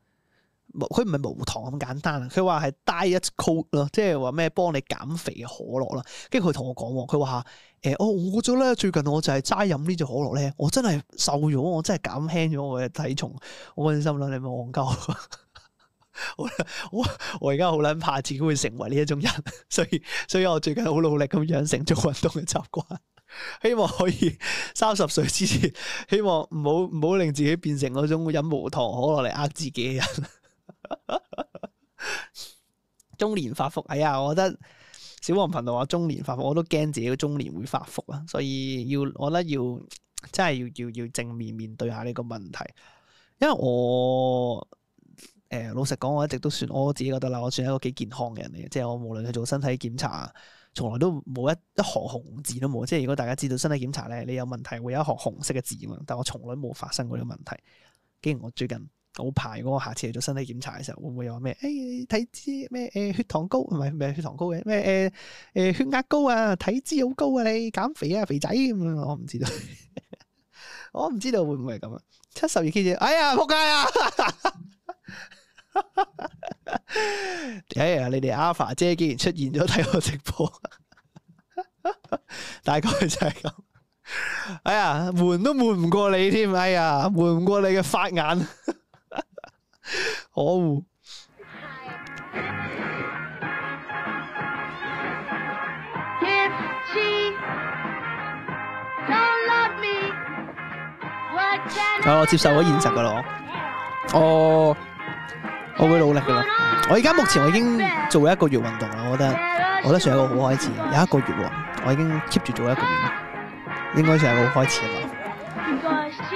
佢唔係無糖咁簡單啊！佢話係 Diet Coke 咯，即係話咩？幫你減肥嘅可樂啦。跟住佢同我講，佢、欸、話：誒，我我咗咧，最近我就係齋飲呢隻可樂咧，我真係瘦咗，我真係減輕咗我嘅體重。好，我心諗你咪戇鳩咯！我我而家好撚怕自己會成為呢一種人，所以所以我最近好努力咁養成做運動嘅習慣，希望可以三十歲之前，希望唔好唔好令自己變成嗰種飲無糖可樂嚟呃自己嘅人。 中年發福，哎呀，我覺得小黃頻道話中年發福，我都驚自己個中年會發福啊，所以要，我覺得要真係要要要正面面對下呢個問題。因為我誒、呃、老實講，我一直都算我自己覺得啦，我算係一個幾健康嘅人嚟嘅，即係我無論去做身體檢查，從來都冇一一行紅字都冇。即係如果大家知道身體檢查咧，你有問題會有一行紅色嘅字，但我從來冇發生過呢個問題。既然我最近，我排如果我下次嚟做身體檢查嘅時候，會唔會有話咩？誒、哎、體脂咩？誒、呃、血糖高，唔係唔係血糖高嘅咩？誒誒、呃呃、血壓高啊，體脂好高啊，你減肥啊，肥仔咁樣，我唔知道， 我唔知道會唔會係咁啊？七十二 K 字，哎呀，仆街啊！ 哎呀，你哋阿凡姐竟然出現咗睇我直播， 大概就係咁。哎呀，瞞都瞞唔過你添，哎呀，瞞唔過你嘅法眼。哦，啊 我接受咗現實噶咯，哦，我會努力噶啦，我而家目前我已經做一個月運動啦，我覺得，Better show 我覺得上一個好開始，有一個月，哦，我已經 keep 住做一個月，應該上一個好開始啦。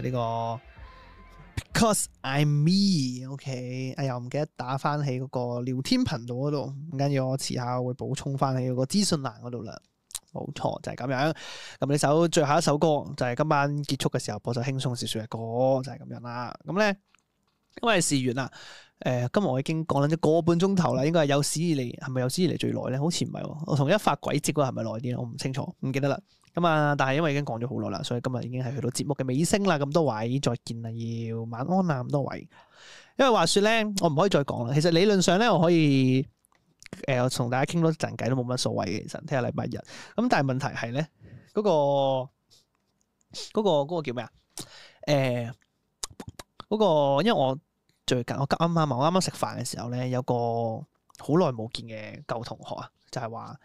呢個，Because I'm Me，OK，、okay? 哎呀，唔記得打翻喺嗰個聊天頻道嗰度，唔緊要，我遲下我會補充翻喺嗰個資訊欄嗰度啦。冇錯，就係、是、咁樣。咁呢首最後一首歌就係、是、今晚結束嘅時候播首輕鬆少少嘅歌，就係、是、咁樣啦。咁咧，因為事完啦，誒、呃，今日我已經講緊一個半鐘頭啦，應該係有史以嚟，係咪有史以嚟最耐咧？好似唔係，我同一發鬼跡係咪耐啲，我唔清楚，唔記得啦。咁啊、嗯！但係因為已經講咗好耐啦，所以今日已經係去到節目嘅尾聲啦。咁多位再見啦，要晚安啦！咁多位，因為話說咧，我唔可以再講啦。其實理論上咧，我可以誒、呃，我同大家傾多陣偈都冇乜所謂嘅。其實聽日禮拜日，咁、嗯、但係問題係咧，嗰、嗰個嗰、嗰個、嗰個叫咩啊？誒、欸，嗰、嗰個因為我最近我啱啱，我啱啱食飯嘅時候咧，有個好耐冇見嘅舊同學啊，就係、是、話。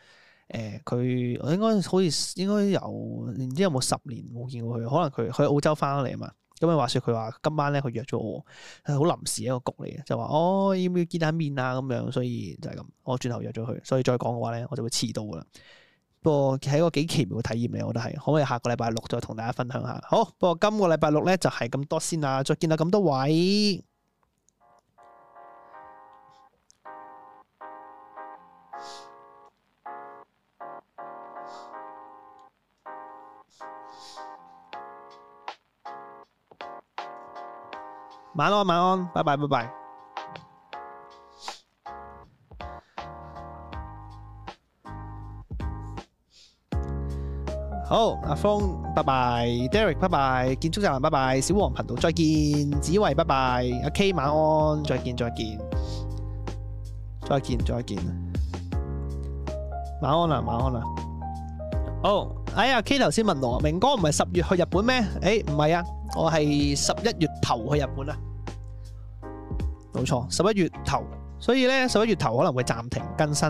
誒，佢我應該好似應該有，唔知有冇十年冇見過佢，可能佢去澳洲翻嚟啊嘛。咁啊，話説佢話今晚咧佢約咗我，係好臨時一個局嚟嘅，就話、是、哦，要唔要見下面啊咁樣，所以就係咁。我轉頭約咗佢，所以再講嘅話咧，我就會遲到啦。不過係一個幾奇妙嘅體驗嚟，我覺得係可唔可以下個禮拜六再同大家分享下？好，不過今個禮拜六咧就係、是、咁多先啦，再見啊！咁多位。晚安，晚安，拜拜，拜拜。好，阿峰，拜拜，Derek，拜拜，建築站，拜拜，小黃頻道，再見，紫維，拜拜，阿 K，晚安，再見，再見，再見，再見，晚安啦，晚安啦。好，哎呀，K 頭先問我，明哥唔係十月去日本咩？誒，唔係啊。我係十一月頭去日本啦，冇錯，十一月頭，所以咧十一月頭可能會暫停更新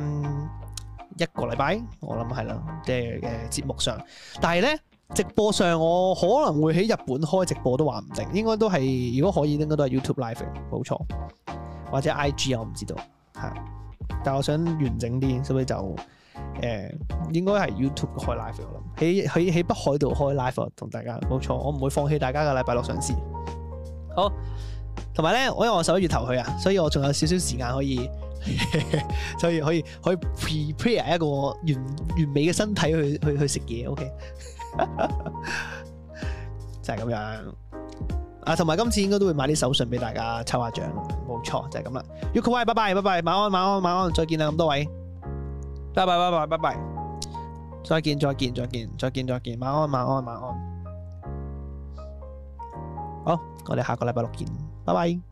一個禮拜，我諗係啦，即係誒節目上，但係咧直播上我可能會喺日本開直播都話唔定，應該都係如果可以，應該都係 YouTube Live，冇錯，或者 IG，我唔知道吓，但係我想完整啲，所以就。誒，uh, 應該係 YouTube 開 live 我諗，喺喺喺北海度開 live 同大家冇錯，我唔會放棄大家嘅禮拜六上線。好，同埋咧，我因為我十一月頭去啊，所以我仲有少少時間可以， 所以可以可以 prepare pre 一個完完美嘅身體去去去食嘢。O、okay? K， 就係咁樣啊，同埋今次應該都會買啲手信俾大家抽下獎，冇錯就係咁啦。You can 拜拜拜拜，晚安晚安晚安，再見啦咁多位。拜拜拜拜拜拜，再見再見再見再見再見，晚安晚安晚安，Mal an. 好，我哋下個禮拜六見，拜拜。